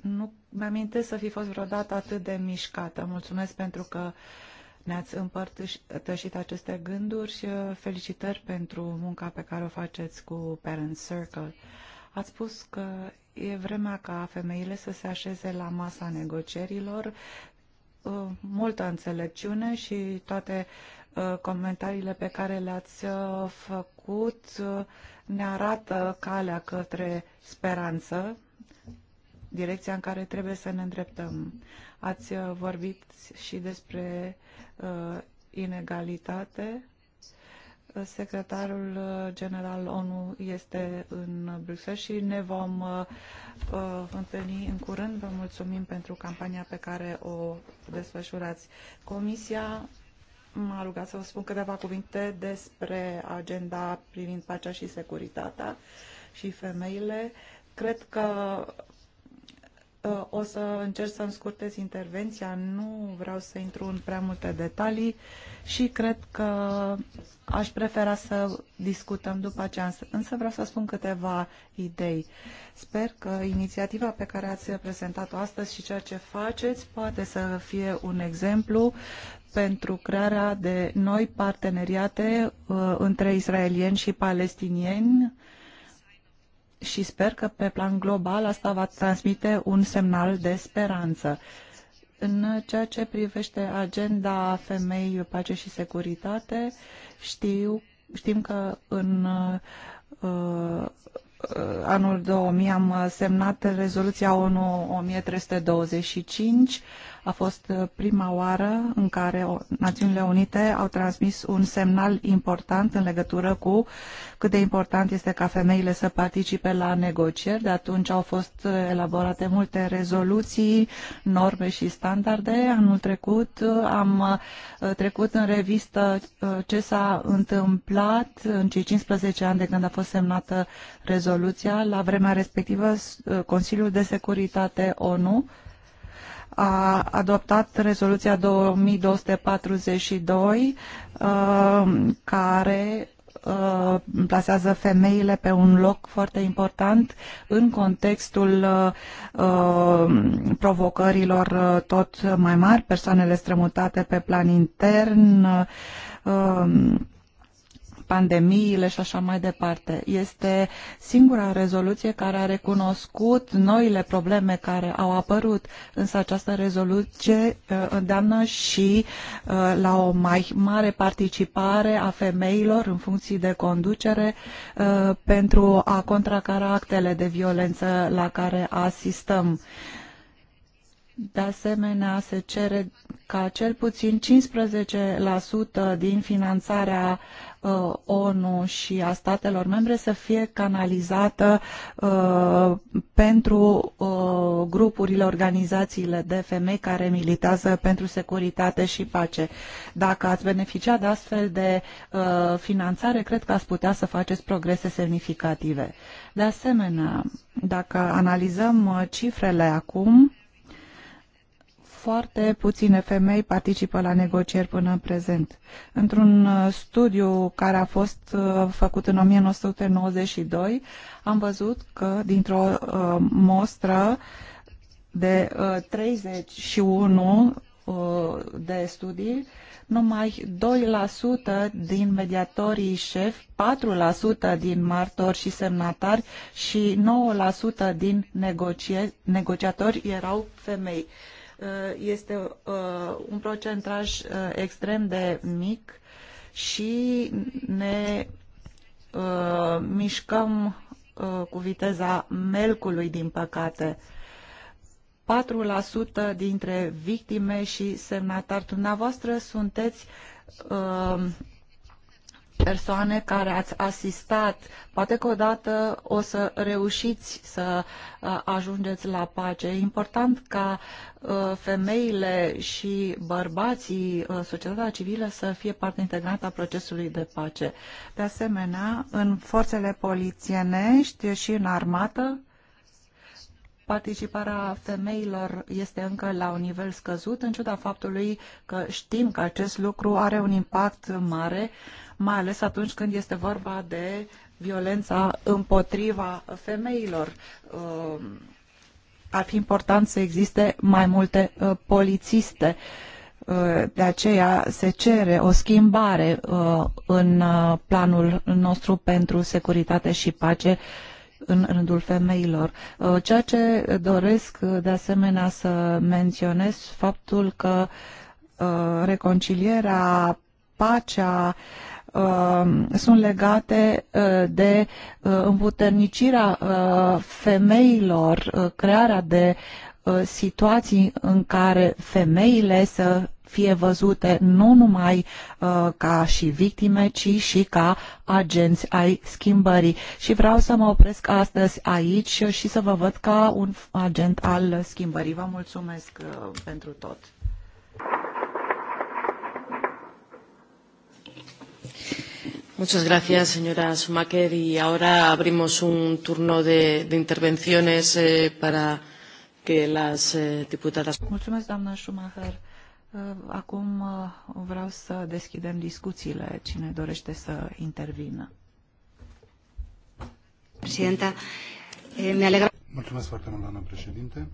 nu mi-amintesc să fi fost vreodată atât de mișcată. Mulțumesc pentru că ne-ați împărtășit aceste gânduri și uh, felicitări pentru munca pe care o faceți cu Parent Circle. Ați spus că e vremea ca femeile să se așeze la masa negocierilor. Uh, multă înțelepciune și toate uh, comentariile pe care le-ați uh, făcut ne arată calea către speranță, direcția în care trebuie să ne îndreptăm. Ați vorbit și despre inegalitate Secretarul uh, general ONU este în Bruxelles și ne vom uh, uh, întâlni în curând. Vă mulțumim pentru campania pe care o desfășurați. Comisia m-a rugat să vă spun câteva cuvinte despre agenda privind pacea și securitatea și femeile. Cred că Uh, o să încerc să-mi scurtez intervenția, nu vreau să intru în prea multe detalii și cred că aș prefera să discutăm după aceea, însă vreau să spun câteva idei. Sper că inițiativa pe care ați prezentat-o astăzi și ceea ce faceți poate să fie un exemplu pentru crearea de noi parteneriate uh, între israelieni și palestinieni, uh, și sper că pe plan global asta va transmite un semnal de speranță. În ceea ce privește agenda femei, pace și securitate, știu, știm că în uh, uh anul 2000 am semnat rezoluția ONU 1325 a fost uh, prima oară în care Națiunile Unite au transmis un semnal important în legătură cu cât de important este ca femeile să participe la negocieri. De atunci au fost uh, elaborate multe rezoluții, norme și standarde. Anul trecut uh, am trecut în revistă ce s-a întâmplat în cei 15 ani de când a fost semnată rezoluția. La vremea respectivă, Consiliul de Securitate ONU a adoptat rezoluția 2242 uh, care uh, plasează femeile pe un loc foarte important în contextul uh, provocărilor tot mai mari, persoanele strămutate pe plan intern, pandemiile și așa mai departe. Este singura rezoluție care a recunoscut noile probleme care au apărut, însă această rezoluție uh, îndeamnă și uh, la o mai mare participare a femeilor în funcții de conducere uh, pentru a contracara actele de violență la care asistăm. De asemenea, se cere ca cel puțin 15% din finanțarea uh, ONU și a statelor membre să fie canalizată uh, pentru uh, grupurile, organizațiile de femei care militează pentru securitate și pace. Dacă ați beneficia de astfel de uh, finanțare, cred că ați putea să faceți progrese semnificative. De asemenea, dacă analizăm uh, cifrele acum, foarte puține femei participă la negocieri până în prezent. Într-un uh, studiu care a fost uh, făcut în 1992, am văzut că dintr-o uh, mostră de 31 de studii, numai 2% din mediatorii șef, 4% din martori și semnatari și 9% din negocie- negociatori erau femei. Uh, este uh, un procentaj uh, extrem de mic și ne mișcăm cu viteza melcului, din păcate. 4% dintre victime și semnatari. Dumneavoastră sunteți uh, persoane care ați asistat. Poate că odată o să reușiți să uh, ajungeți la pace. E important ca uh, femeile și bărbații, uh, societatea civilă să fie parte integrată a procesului de pace. De asemenea, în forțele polițienești și în armată, participarea femeilor este încă la un nivel scăzut, în ciuda faptului că știm că acest lucru are un impact mare mai ales atunci când este vorba de violența împotriva femeilor. Uh, ar fi important să existe mai multe uh, polițiste. Uh, de aceea se cere o schimbare în planul nostru pentru securitate și pace în rândul femeilor. Ceea ce doresc de asemenea să menționez faptul că reconcilierea, pacea, Uh, sunt legate uh, de uh, împuternicirea femeilor, crearea de situații în care femeile să fie văzute nu numai uh, ca și victime, ci și ca agenți ai schimbării. Și vreau să mă opresc astăzi aici și să vă văd ca un agent al schimbării. Vă mulțumesc uh, pentru tot. Muchas gracias, señora Schumacher. Y ahora abrimos un turno de, de intervenciones eh, para que las eh, diputadas. Mulțumesc, doamna Schumacher. Eh, acum eh, vreau să deschidem discuțiile. Cine dorește să intervină? Președinta, eh, mi-a legat... Mulțumesc foarte mult, doamna președinte.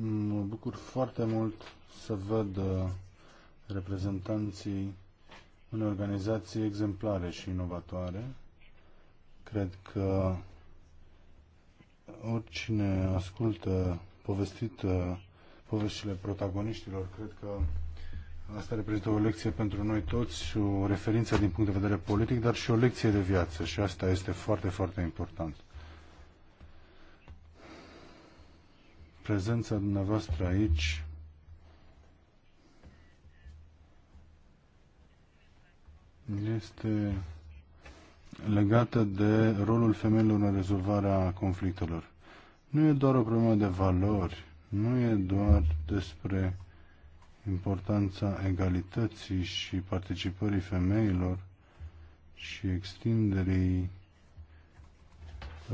Mă bucur foarte mult să văd uh, reprezentanții unei organizații exemplare și inovatoare. Cred că oricine ascultă povestit uh, poveștile protagoniștilor, cred că asta reprezintă o lecție pentru noi toți, o referință din punct de vedere politic, dar și o lecție de viață și asta este foarte, foarte important. prezența dumneavoastră aici. Este legată de rolul femeilor în rezolvarea conflictelor. Nu e doar o problemă de valori, nu e doar despre importanța egalității și participării femeilor și extinderii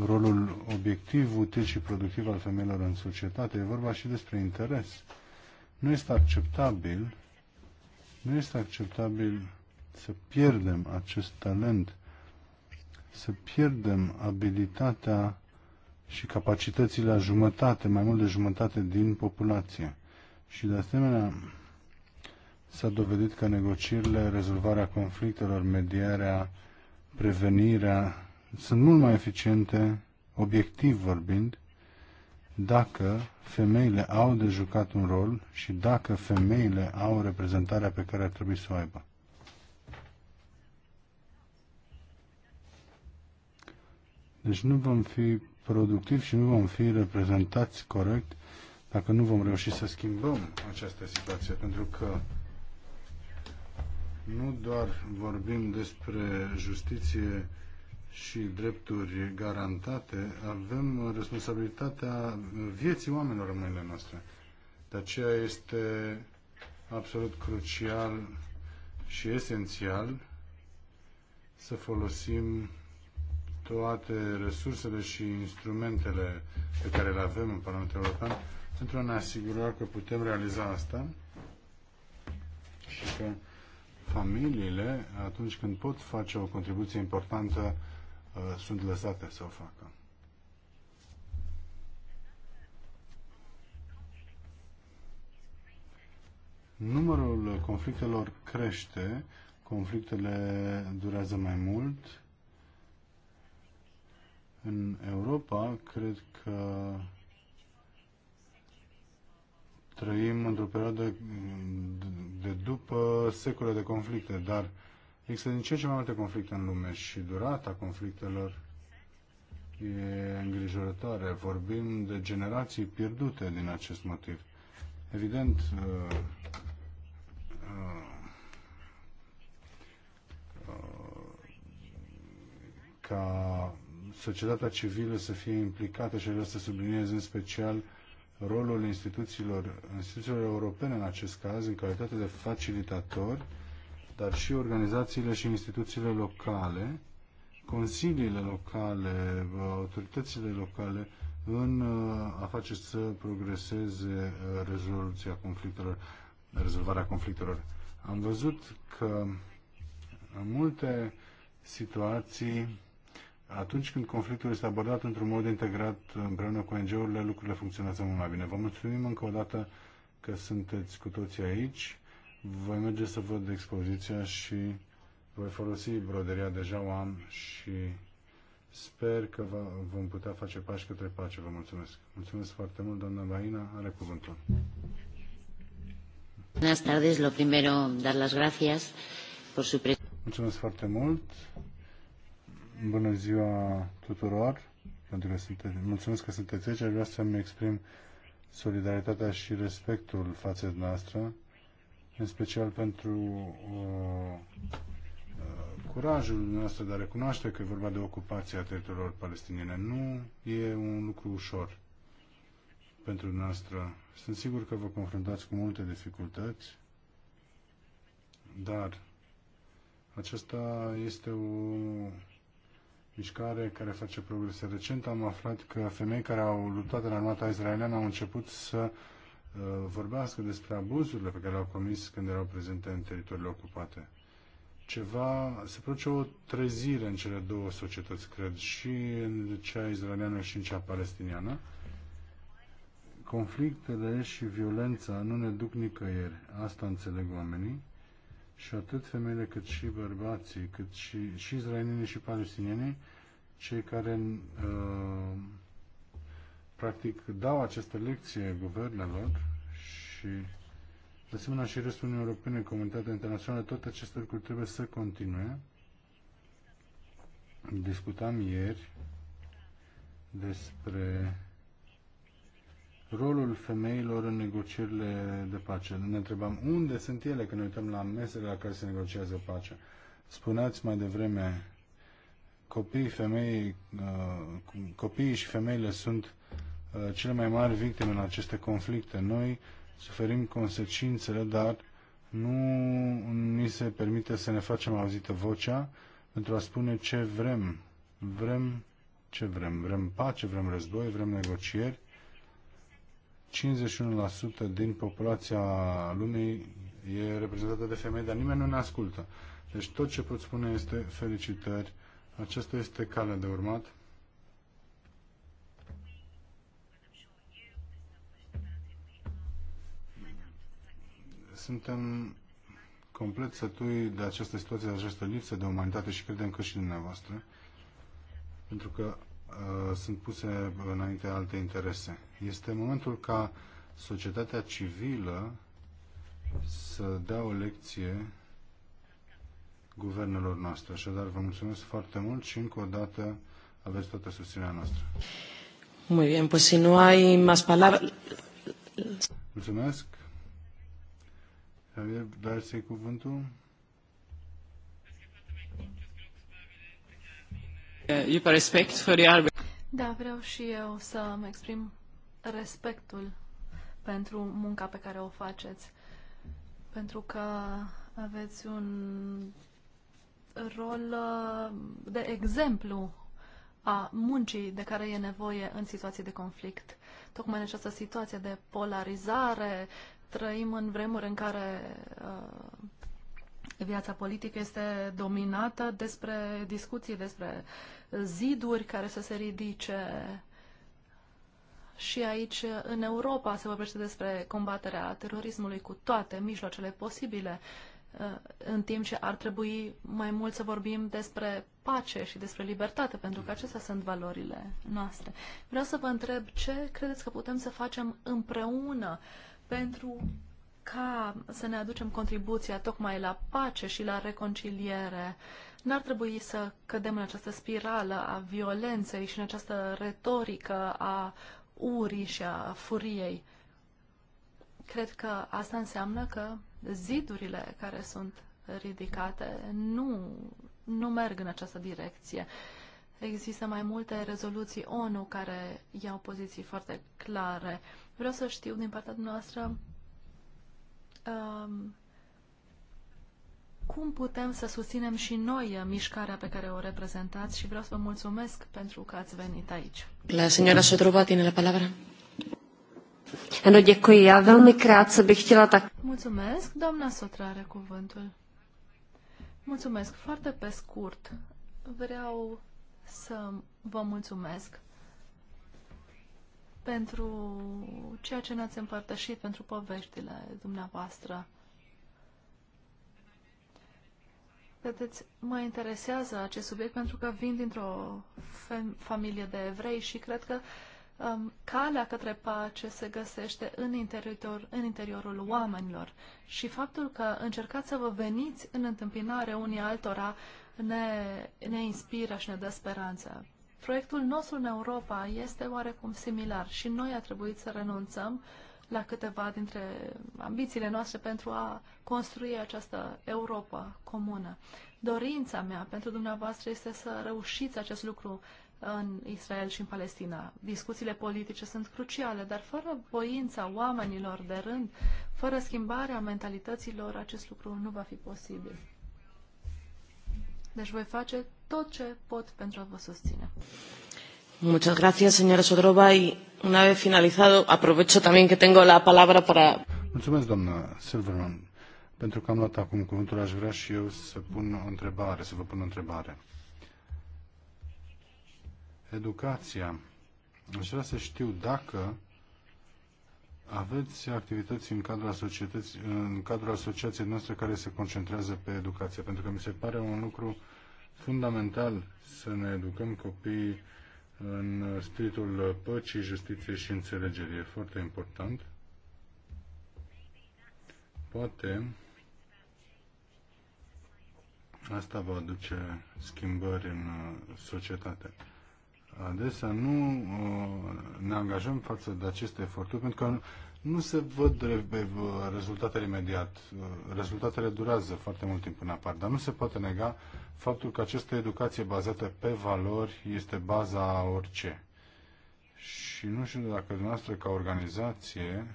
rolul obiectiv, util și productiv al femeilor în societate. E vorba și despre interes. Nu este acceptabil, nu este acceptabil să pierdem acest talent, să pierdem abilitatea și capacitățile la jumătate, mai mult de jumătate din populație. Și de asemenea, s-a dovedit că negocierile, rezolvarea conflictelor, medierea, prevenirea sunt mult mai eficiente, obiectiv vorbind, dacă femeile au de jucat un rol și dacă femeile au reprezentarea pe care ar trebui să o aibă. Deci nu vom fi productivi și nu vom fi reprezentați corect dacă nu vom reuși să schimbăm această situație, pentru că nu doar vorbim despre justiție și drepturi garantate, avem responsabilitatea vieții oamenilor în mâinile noastre. De aceea este absolut crucial și esențial să folosim toate resursele și instrumentele pe care le avem în Parlamentul European pentru a ne asigura că putem realiza asta și că familiile, atunci când pot face o contribuție importantă, Uh, sunt lăsate să o facă. Numărul conflictelor crește, conflictele durează mai mult. În Europa, cred că trăim într-o perioadă de după secole de conflicte, dar Există din ce ce mai multe conflicte în lume și durata conflictelor e îngrijorătoare. Vorbim de generații pierdute din acest motiv. Evident, uh, uh ca societatea civilă să fie implicată și vreau să subliniez în special rolul instituțiilor, instituțiilor europene în acest caz, în calitate de facilitatori dar și organizațiile și instituțiile locale, consiliile locale, autoritățile locale, în uh, a face să progreseze uh, rezoluția conflictelor, rezolvarea conflictelor. Am văzut că în multe situații, atunci când conflictul este abordat într-un mod integrat împreună cu ONG-urile, lucrurile funcționează mult mai bine. Vă mulțumim încă o dată că sunteți cu toții aici voi merge să văd expoziția și voi folosi broderia, deja o am și sper că vom putea face pași către pace. Vă mulțumesc. Mulțumesc foarte mult, doamna Laina, are cuvântul. Buenas tardes, lo primero dar las gracias por su Mulțumesc foarte mult. Bună ziua tuturor, pentru că sunteți, mulțumesc că sunteți aici. Aș vrea să-mi exprim solidaritatea și respectul față de noastră în special pentru uh, uh, curajul nostru de a recunoaște că e vorba de ocupația teritoriilor palestiniene. Nu e un lucru ușor pentru noastră. Sunt sigur că vă confruntați cu multe dificultăți, dar aceasta este o mișcare care face progrese. Recent am aflat că femei care au luptat în armata izraeliană au început să uh, Uh, vorbească despre abuzurile pe care le-au comis când erau prezente în teritoriile ocupate. Ceva, se produce o trezire în cele două societăți, cred, și în cea izraeliană și în cea palestiniană. Conflictele și violența nu ne duc nicăieri, asta înțeleg oamenii, și atât femeile cât și bărbații, cât și, și izraelienii și palestinienii, cei care uh, practic dau această lecție guvernelor și de asemenea și restul Uniunii Europene, comunitatea internațională, toate aceste lucruri trebuie să continue. Discutam ieri despre rolul femeilor în negocierile de pace. Ne întrebam unde sunt ele când ne uităm la mesele la care se negociază pacea. Spuneați mai devreme, copiii, femei, uh, copiii și femeile sunt Uh, cele mai mari victime în aceste conflicte. Noi suferim consecințele, dar nu ni se permite să ne facem auzită vocea pentru a spune ce vrem. Vrem ce vrem? Vrem pace, vrem război, vrem negocieri. 51% din populația lumii e reprezentată de femei, dar nimeni nu ne ascultă. Deci tot ce pot spune este felicitări. Aceasta este calea de urmat Suntem complet sătui de această situație, de această lipsă de umanitate și credem că și dumneavoastră, pentru că uh, sunt puse înainte alte interese. Este momentul ca societatea civilă să dea o lecție guvernelor noastre. Așadar, vă mulțumesc foarte mult și încă o dată aveți toată susținerea noastră. Muy bien, pues si no hay más palabras... Mulțumesc. Javier, dar să cuvântul? Eu eh, pe respect fără Da, vreau și eu să mă exprim respectul pentru munca pe care o faceți. Pentru că aveți un rol eh, de exemplu a muncii de care e nevoie în situații de conflict. Tocmai în această situație de polarizare, trăim în vremuri în care uh, viața politică este dominată despre discuții, despre ziduri care să se ridice și aici, în Europa, se vorbește despre combaterea terorismului cu toate mijloacele posibile, uh, în timp ce ar trebui mai mult să vorbim despre pace și despre libertate, pentru că acestea sunt valorile noastre. Vreau să vă întreb ce credeți că putem să facem împreună pentru ca să ne aducem contribuția tocmai la pace și la reconciliere. N-ar trebui să cădem în această spirală a violenței și în această retorică a urii și a furiei. Cred că asta înseamnă că zidurile care sunt ridicate nu, nu merg în această direcție. Există mai multe rezoluții ONU care iau poziții foarte clare. Uh, Vreau să știu din partea noastră um, cum putem să susținem și noi mișcarea pe care o reprezentați și vreau să vă mulțumesc pentru că ați venit aici. La señora Sotrova tiene la palabra. Ano, děkuji. Já velmi krátce bych chtěla tak... Mulțumesc. Doamna Sotra are cuvântul. Mulțumesc. Foarte pe scurt. Vreau să vă mulțumesc pentru ceea ce ne-ați împărtășit, pentru poveștile dumneavoastră. Vedeți, mă interesează acest subiect pentru că vin dintr-o familie de evrei și cred că um, calea către pace se găsește în, interior, în interiorul oamenilor. Și faptul că încercați să vă veniți în întâmpinare unii altora ne, ne inspiră și ne dă speranță. Proiectul nostru în Europa este oarecum similar și noi a trebuit să renunțăm la câteva dintre ambițiile noastre pentru a construi această Europa comună. Dorința mea pentru dumneavoastră este să reușiți acest lucru în Israel și în Palestina. Discuțiile politice sunt cruciale, dar fără voința oamenilor de rând, fără schimbarea mentalităților, acest lucru nu va fi posibil. Deci voi face tot ce pot pentru a vă susține. Muchas gracias, señora Sodrova. Y una vez finalizado, aprovecho también que tengo la palabra para... Mulțumesc, doamna Silverman. Pentru că am luat acum cuvântul, aș vrea și eu să pun o întrebare, să vă pun o întrebare. Educația. Aș vrea să știu dacă aveți activități în cadrul, societății, în cadrul asociației noastre care se concentrează pe educație, pentru că mi se pare un lucru fundamental să ne educăm copiii în spiritul păcii, justiției și înțelegerii. E foarte important. Poate asta va aduce schimbări în societate adesea nu uh, ne angajăm față de aceste eforturi pentru că nu se văd uh, rezultatele imediat. Uh, rezultatele durează foarte mult timp până apar, dar nu se poate nega faptul că această educație bazată pe valori este baza a orice. Și nu știu dacă dumneavoastră ca organizație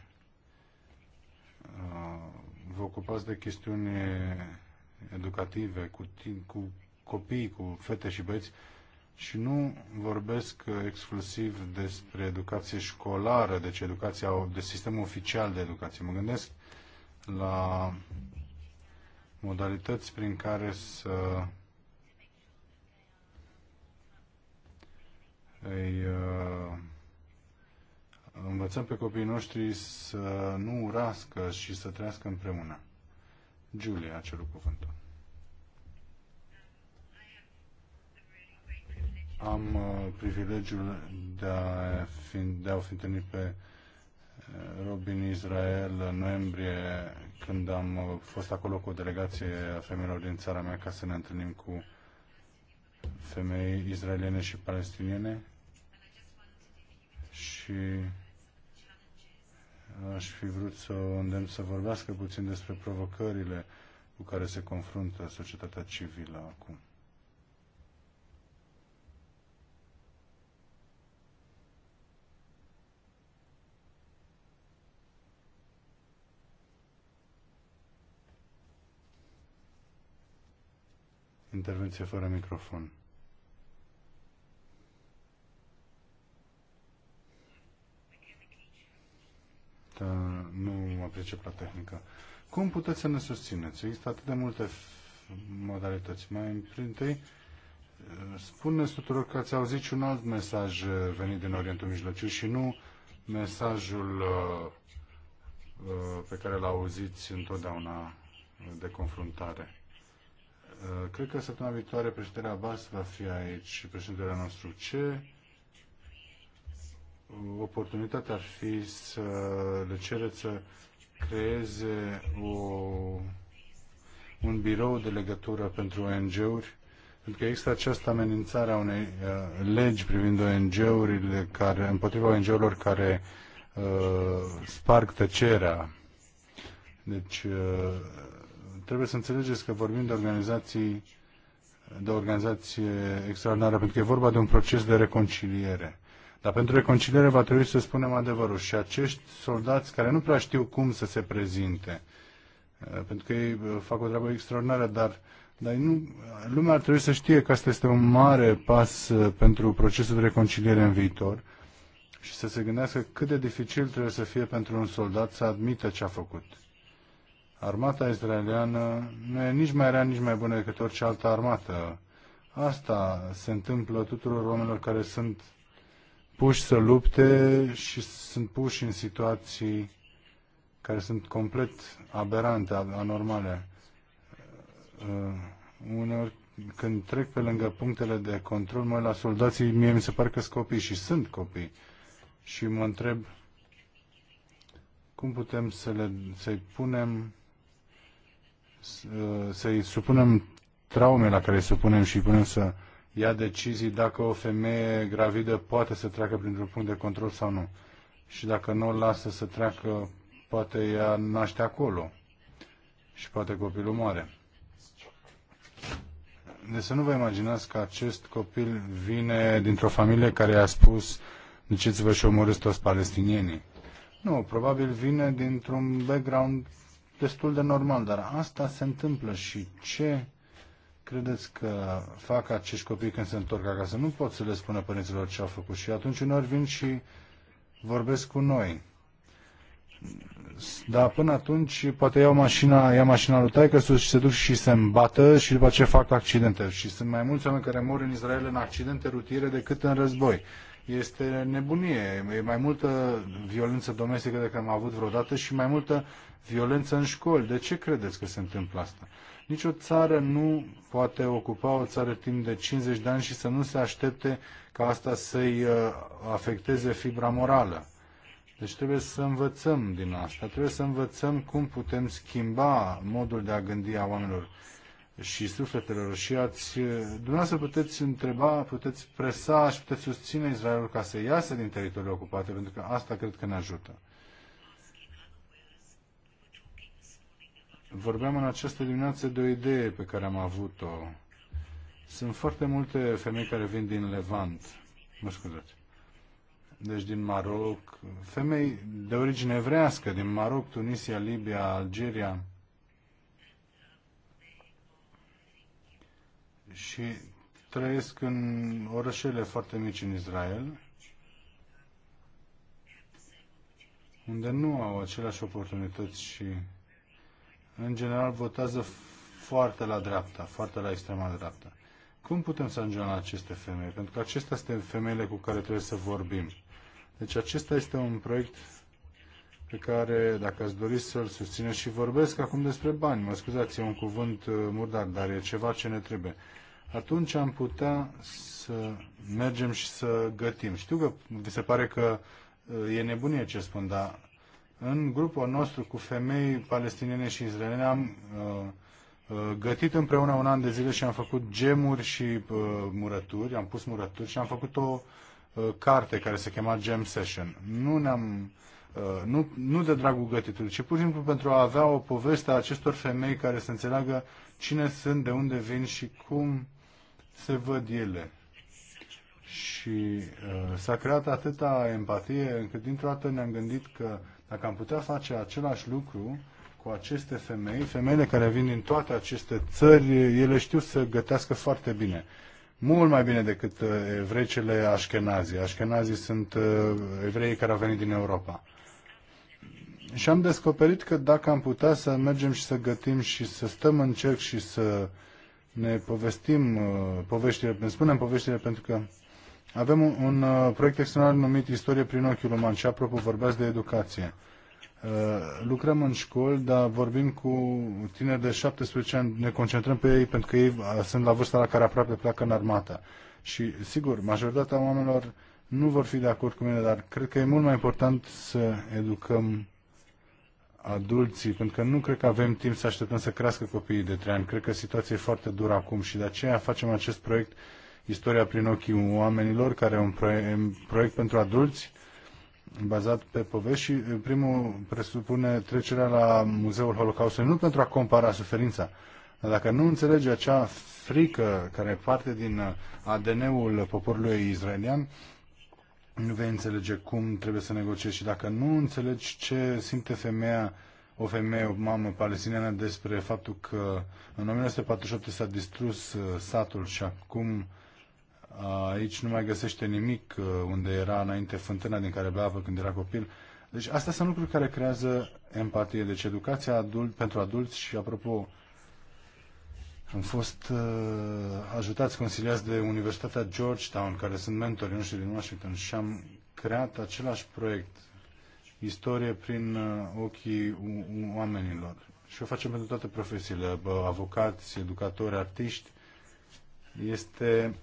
vă ocupați de chestiuni educative cu, cu copii, cu fete și băieți, și nu vorbesc exclusiv despre educație școlară, deci educația de sistemul oficial de educație. Mă gândesc la modalități prin care să îi uh, învățăm pe copiii noștri să nu urască și să trăiască împreună. Julia a cerut cuvântul. am uh, privilegiul de a fi, de a fi întâlnit pe uh, Robin Israel în noiembrie, când am uh, fost acolo cu o delegație a femeilor din țara mea ca să ne întâlnim cu femei izraeliene și palestiniene și aș fi vrut să o îndemn să vorbească puțin despre provocările cu care se confruntă societatea civilă acum. Intervenție fără microfon. Da, nu mă pricep la tehnică. Cum puteți să ne susțineți? Există atât de multe modalități. Mai întâi, spune tuturor că ați auzit și un alt mesaj venit din Orientul Mijlociu și nu mesajul uh, uh, pe care l-auziți întotdeauna de confruntare. Uh, cred că săptămâna viitoare președintele Abbas va fi aici și președintele nostru ce oportunitatea ar fi să le cereți să creeze o, un birou de legătură pentru ONG-uri, pentru că există această amenințare a unei uh, legi privind ONG-urile care, împotriva ONG-urilor care uh, sparg tăcerea. Deci uh, Trebuie să înțelegeți că vorbim de organizații de organizație extraordinară, pentru că e vorba de un proces de reconciliere. Dar pentru reconciliere va trebui să spunem adevărul. Și acești soldați care nu prea știu cum să se prezinte, uh, pentru că ei uh, fac o treabă extraordinară, dar, dar nu, lumea ar trebui să știe că asta este un mare pas uh, pentru procesul de reconciliere în viitor și să se gândească cât de dificil trebuie să fie pentru un soldat să admită ce a făcut Armata israeliană nu e nici mai rea, nici mai bună decât orice altă armată. Asta se întâmplă tuturor oamenilor care sunt puși să lupte și sunt puși în situații care sunt complet aberante, anormale. Uh, uneori când trec pe lângă punctele de control, mă la soldații, mie mi se pare că sunt copii și sunt copii. Și mă întreb cum putem să le, să punem să-i supunem traume la care îi supunem și îi punem să ia decizii dacă o femeie gravidă poate să treacă printr-un punct de control sau nu. Și dacă nu o lasă să treacă, poate ea naște acolo și poate copilul moare. Deci să nu vă imaginați că acest copil vine dintr-o familie care i-a spus duceți-vă și omorâți toți palestinienii. Nu, probabil vine dintr-un background destul de normal, dar asta se întâmplă și ce credeți că fac acești copii când se întorc acasă? Nu pot să le spună părinților ce au făcut și atunci uneori vin și vorbesc cu noi. Dar până atunci poate iau mașina, ia mașina lui taică sus și se duc și se îmbată și după ce fac accidente. Și sunt mai mulți oameni care mor în Israel în accidente rutiere decât în război este nebunie. E mai multă violență domestică decât am avut vreodată și mai multă violență în școli. De ce credeți că se întâmplă asta? Nici o țară nu poate ocupa o țară timp de 50 de ani și să nu se aștepte ca asta să-i uh, afecteze fibra morală. Deci trebuie să învățăm din asta, trebuie să învățăm cum putem schimba modul de a gândi a oamenilor și sufletelor și ați, dumneavoastră puteți întreba, puteți presa și puteți susține Israelul ca să iasă din teritoriul ocupat, pentru că asta cred că ne ajută. Vorbeam în această dimineață de o idee pe care am avut-o. Sunt foarte multe femei care vin din Levant, mă scuzați, deci din Maroc, femei de origine evrească, din Maroc, Tunisia, Libia, Algeria, și trăiesc în orășele foarte mici în Israel, unde nu au aceleași oportunități și, în general, votează foarte la dreapta, foarte la extrema dreapta. Cum putem să ajungem la aceste femei? Pentru că acestea sunt femeile cu care trebuie să vorbim. Deci acesta este un proiect pe care, dacă ați dori să-l susțineți și vorbesc acum despre bani, mă scuzați, e un cuvânt uh, murdar, dar e ceva ce ne trebuie atunci am putea să mergem și să gătim. Știu că vi se pare că e nebunie ce spun, dar în grupul nostru cu femei palestiniene și izraelene am uh, uh, gătit împreună un an de zile și am făcut gemuri și uh, murături, am pus murături și am făcut o carte care se chema Gem Session. Nu ne-am nu, nu de dragul gătitului, ci pur și simplu pentru a avea o poveste a acestor femei care să înțeleagă cine sunt, de unde vin și cum se văd ele. Și uh, s-a creat atâta empatie încât dintr-o dată ne-am gândit că dacă am putea face același lucru cu aceste femei, femeile care vin din toate aceste țări, ele știu să gătească foarte bine. Mult mai bine decât uh, evrecele așchenazii. Așchenazii sunt uh, evreii care au venit din Europa. Și am descoperit că dacă am putea să mergem și să gătim și să stăm în cerc și să uh, ne povestim uh, poveștile, ne spunem poveștile pentru că avem un, un uh, proiect extraordinar numit Istorie prin ochiul uman și apropo vorbeați de educație. Uh, lucrăm în școli, dar vorbim cu tineri de 17 ani, ne concentrăm pe ei pentru că ei sunt la vârsta la care aproape pleacă în armată. Și sigur, majoritatea oamenilor nu vor fi de acord cu mine, dar cred că e mult mai important să educăm adulții, pentru că nu cred că avem timp să așteptăm să crească copiii de trei ani. Cred că situația e foarte dură acum și de aceea facem acest proiect Istoria prin ochii oamenilor, care e un proiect pentru adulți bazat pe povești și primul presupune trecerea la Muzeul Holocaustului, nu pentru a compara suferința, dar dacă nu înțelege acea frică care e parte din uh, ADN-ul poporului israelian, nu vei înțelege cum trebuie să negociezi și dacă nu înțelegi ce simte femeia, o femeie, o mamă palestiniană despre faptul că în 1948 s-a distrus uh, satul și acum uh, aici nu mai găsește nimic uh, unde era înainte fântâna din care bea apă când era copil. Deci astea sunt lucruri care creează empatie. Deci educația adult, pentru adulți și, apropo, am fost uh, ajutați, consiliați de Universitatea Georgetown, care sunt mentorii noștri din Washington și am creat același proiect, istorie prin uh, ochii oamenilor. Și o facem pentru toate profesiile, bă, avocați, educatori, artiști. Este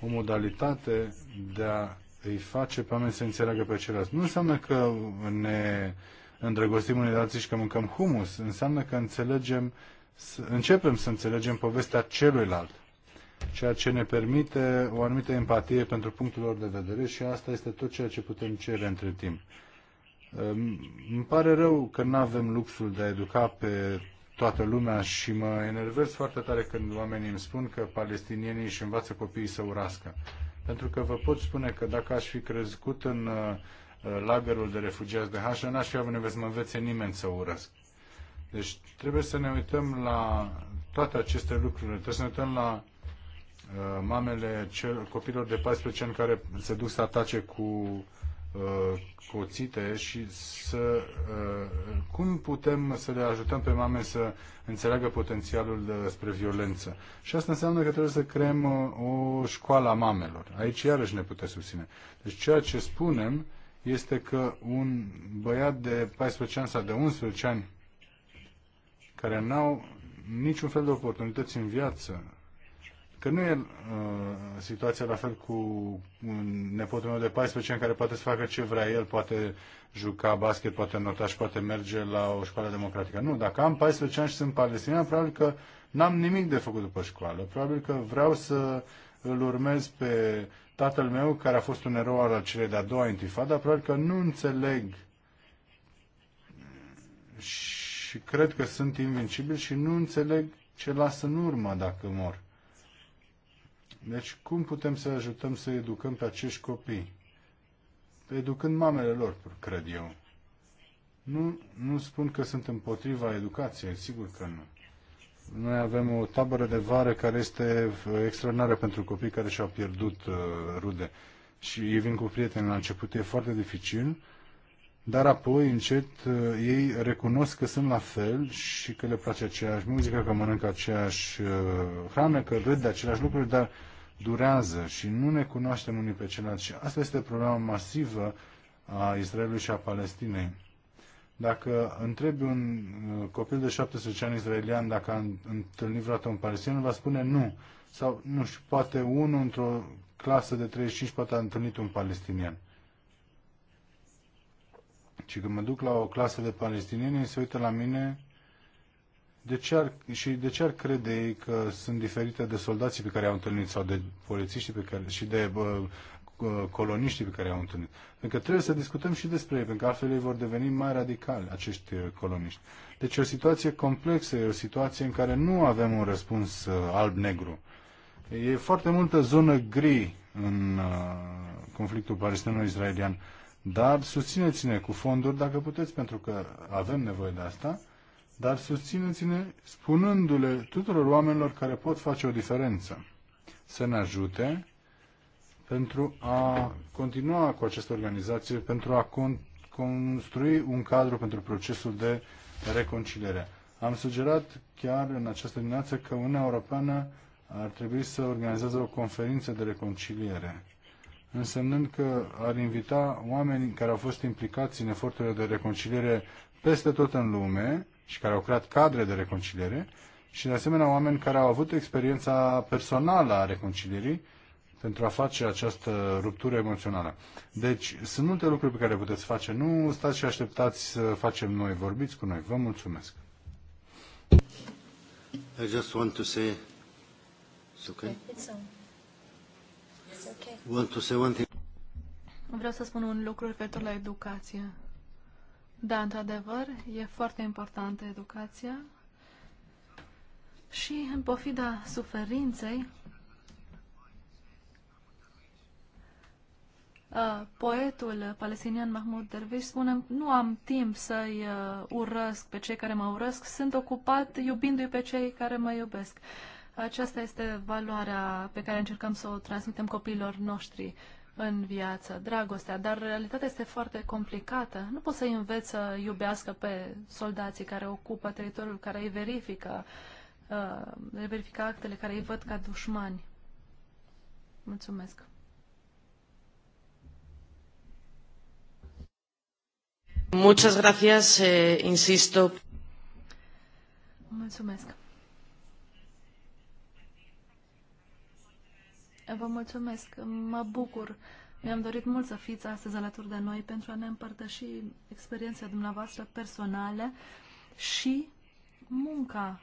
o modalitate de a îi face pe oameni să înțeleagă pe ceilalți. Nu înseamnă că ne îndrăgostim unii de alții și că mâncăm humus, înseamnă că înțelegem uh, să începem să înțelegem povestea celuilalt, ceea ce ne permite o anumită empatie pentru punctul lor de vedere și asta este tot ceea ce putem cere între timp. Îmi pare rău că nu avem luxul de a educa pe toată lumea și mă enervez foarte tare când oamenii îmi spun că palestinienii își învață copiii să urască. Pentru că vă pot spune că dacă aș fi crescut în uh, lagărul de refugiați de Hașa, n-aș fi avut nevoie să mă învețe nimeni să urăsc. Deci trebuie să ne uităm la toate aceste lucruri. Trebuie să ne uităm la uh, mamele cel, copilor de 14 ani care se duc să atace cu uh, coțite și să uh, cum putem să le ajutăm pe mame să înțeleagă potențialul uh, spre violență. Și asta înseamnă că trebuie să creăm uh, o școală a mamelor. Aici iarăși ne putem susține. Deci ceea ce spunem este că un băiat de 14 ani sau de 11 ani care n-au niciun fel de oportunități în viață. Că nu e uh, situația la fel cu nepotul meu de 14 ani care poate să facă ce vrea el, poate juca basket, poate nota și poate merge la o școală democratică. Nu, dacă am 14 ani și sunt palestinian, probabil că n-am nimic de făcut după școală. Probabil că vreau să îl urmez pe tatăl meu, care a fost un erou al celei de-a doua intifada, probabil că nu înțeleg și și cred că sunt invincibil și nu înțeleg ce las în urmă dacă mor. Deci cum putem să ajutăm să educăm pe acești copii? Educând mamele lor, cred eu. Nu, nu spun că sunt împotriva educației, sigur că nu. Noi avem o tabără de vară care este uh, extraordinară pentru copii care și-au pierdut uh, rude și ei vin cu prieteni la început, e foarte dificil, dar apoi încet uh, ei recunosc că sunt la fel și că le place aceeași muzică, că mănâncă aceeași uh, hrană, că râd de aceleași lucruri, dar durează și nu ne cunoaștem unii pe ceilalți. Și asta este problema masivă a Israelului și a Palestinei. Dacă întrebi un uh, copil de 17 ani israelian dacă a întâlnit vreodată un palestinian, va spune nu. Sau, nu știu, poate unul într-o clasă de 35 poate a întâlnit un palestinian. Și când mă duc la o clasă de palestinieni, se uită la mine de ce ar, și de ce ar crede ei că sunt diferite de soldații pe care i-au întâlnit sau de polițiștii pe care, și de bă, coloniștii pe care i-au întâlnit. Pentru că trebuie să discutăm și despre ei, pentru că altfel ei vor deveni mai radicali, acești uh, coloniști. Deci e o situație complexă, e o situație în care nu avem un răspuns uh, alb-negru. E foarte multă zonă gri în uh, conflictul palestino-israelian dar susțineți-ne cu fonduri dacă puteți, pentru că avem nevoie de asta, dar susțineți-ne spunându-le tuturor oamenilor care pot face o diferență să ne ajute pentru a continua cu această organizație, pentru a con- construi un cadru pentru procesul de reconciliere. Am sugerat chiar în această dimineață că Uniunea Europeană ar trebui să organizeze o conferință de reconciliere însemnând că ar invita oameni care au fost implicați în eforturile de reconciliere peste tot în lume și care au creat cadre de reconciliere și de asemenea oameni care au avut experiența personală a reconcilierii pentru a face această ruptură emoțională. Deci sunt multe lucruri pe care puteți face. Nu stați și așteptați să facem noi. Vorbiți cu noi. Vă mulțumesc. I just want to say... It's okay. It's Vreau să spun un lucru referitor la educație. Da, într-adevăr, e foarte importantă educația și în pofida suferinței, poetul palestinian Mahmoud Dervish spune nu am timp să-i urăsc pe cei care mă urăsc, sunt ocupat iubindu-i pe cei care mă iubesc. Aceasta este valoarea pe care încercăm să o transmitem copiilor noștri în viață, dragostea, dar realitatea este foarte complicată. Nu poți să-i înveți să iubească pe soldații care ocupă teritoriul, care îi verifică, uh, îi verifică actele, care îi văd ca dușmani. Mulțumesc. Muchas gracias, eh, insisto. Mulțumesc. Vă mulțumesc, mă bucur. Mi-am dorit mult să fiți astăzi alături de noi pentru a ne împărtăși experiența dumneavoastră personale și munca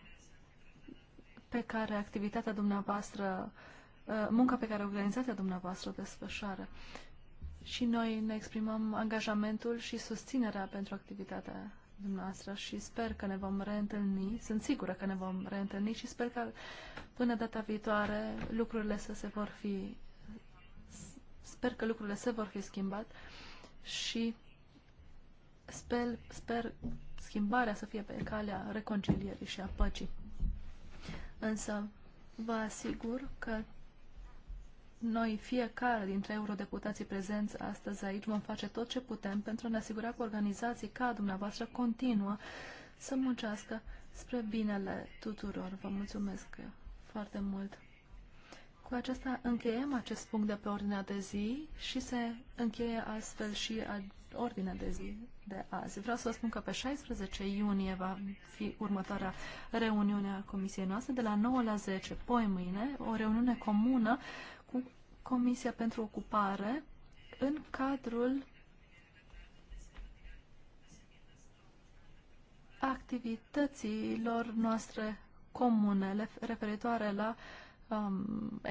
pe care activitatea dumneavoastră, uh, munca pe care organizația dumneavoastră o desfășoară. Și noi ne exprimăm angajamentul și susținerea pentru activitatea dumneavoastră și sper că ne vom reîntâlni. Sunt sigură că ne vom reîntâlni și sper că până data viitoare lucrurile să se vor fi sper că lucrurile se vor fi schimbat și sper, sper schimbarea să fie pe calea reconcilierii și a păcii. Însă vă asigur că noi, fiecare dintre eurodeputații prezenți astăzi aici, vom face tot ce putem pentru a ne asigura că organizații ca dumneavoastră continuă să muncească spre binele tuturor. Vă mulțumesc foarte mult! Cu aceasta încheiem acest punct de pe ordinea de zi și se încheie astfel și ordinea de zi de azi. Vreau să vă spun că pe 16 iunie va fi următoarea reuniune a comisiei noastre de la 9 la 10, poi mâine, o reuniune comună Comisia pentru Ocupare în cadrul activităților noastre comune referitoare la um,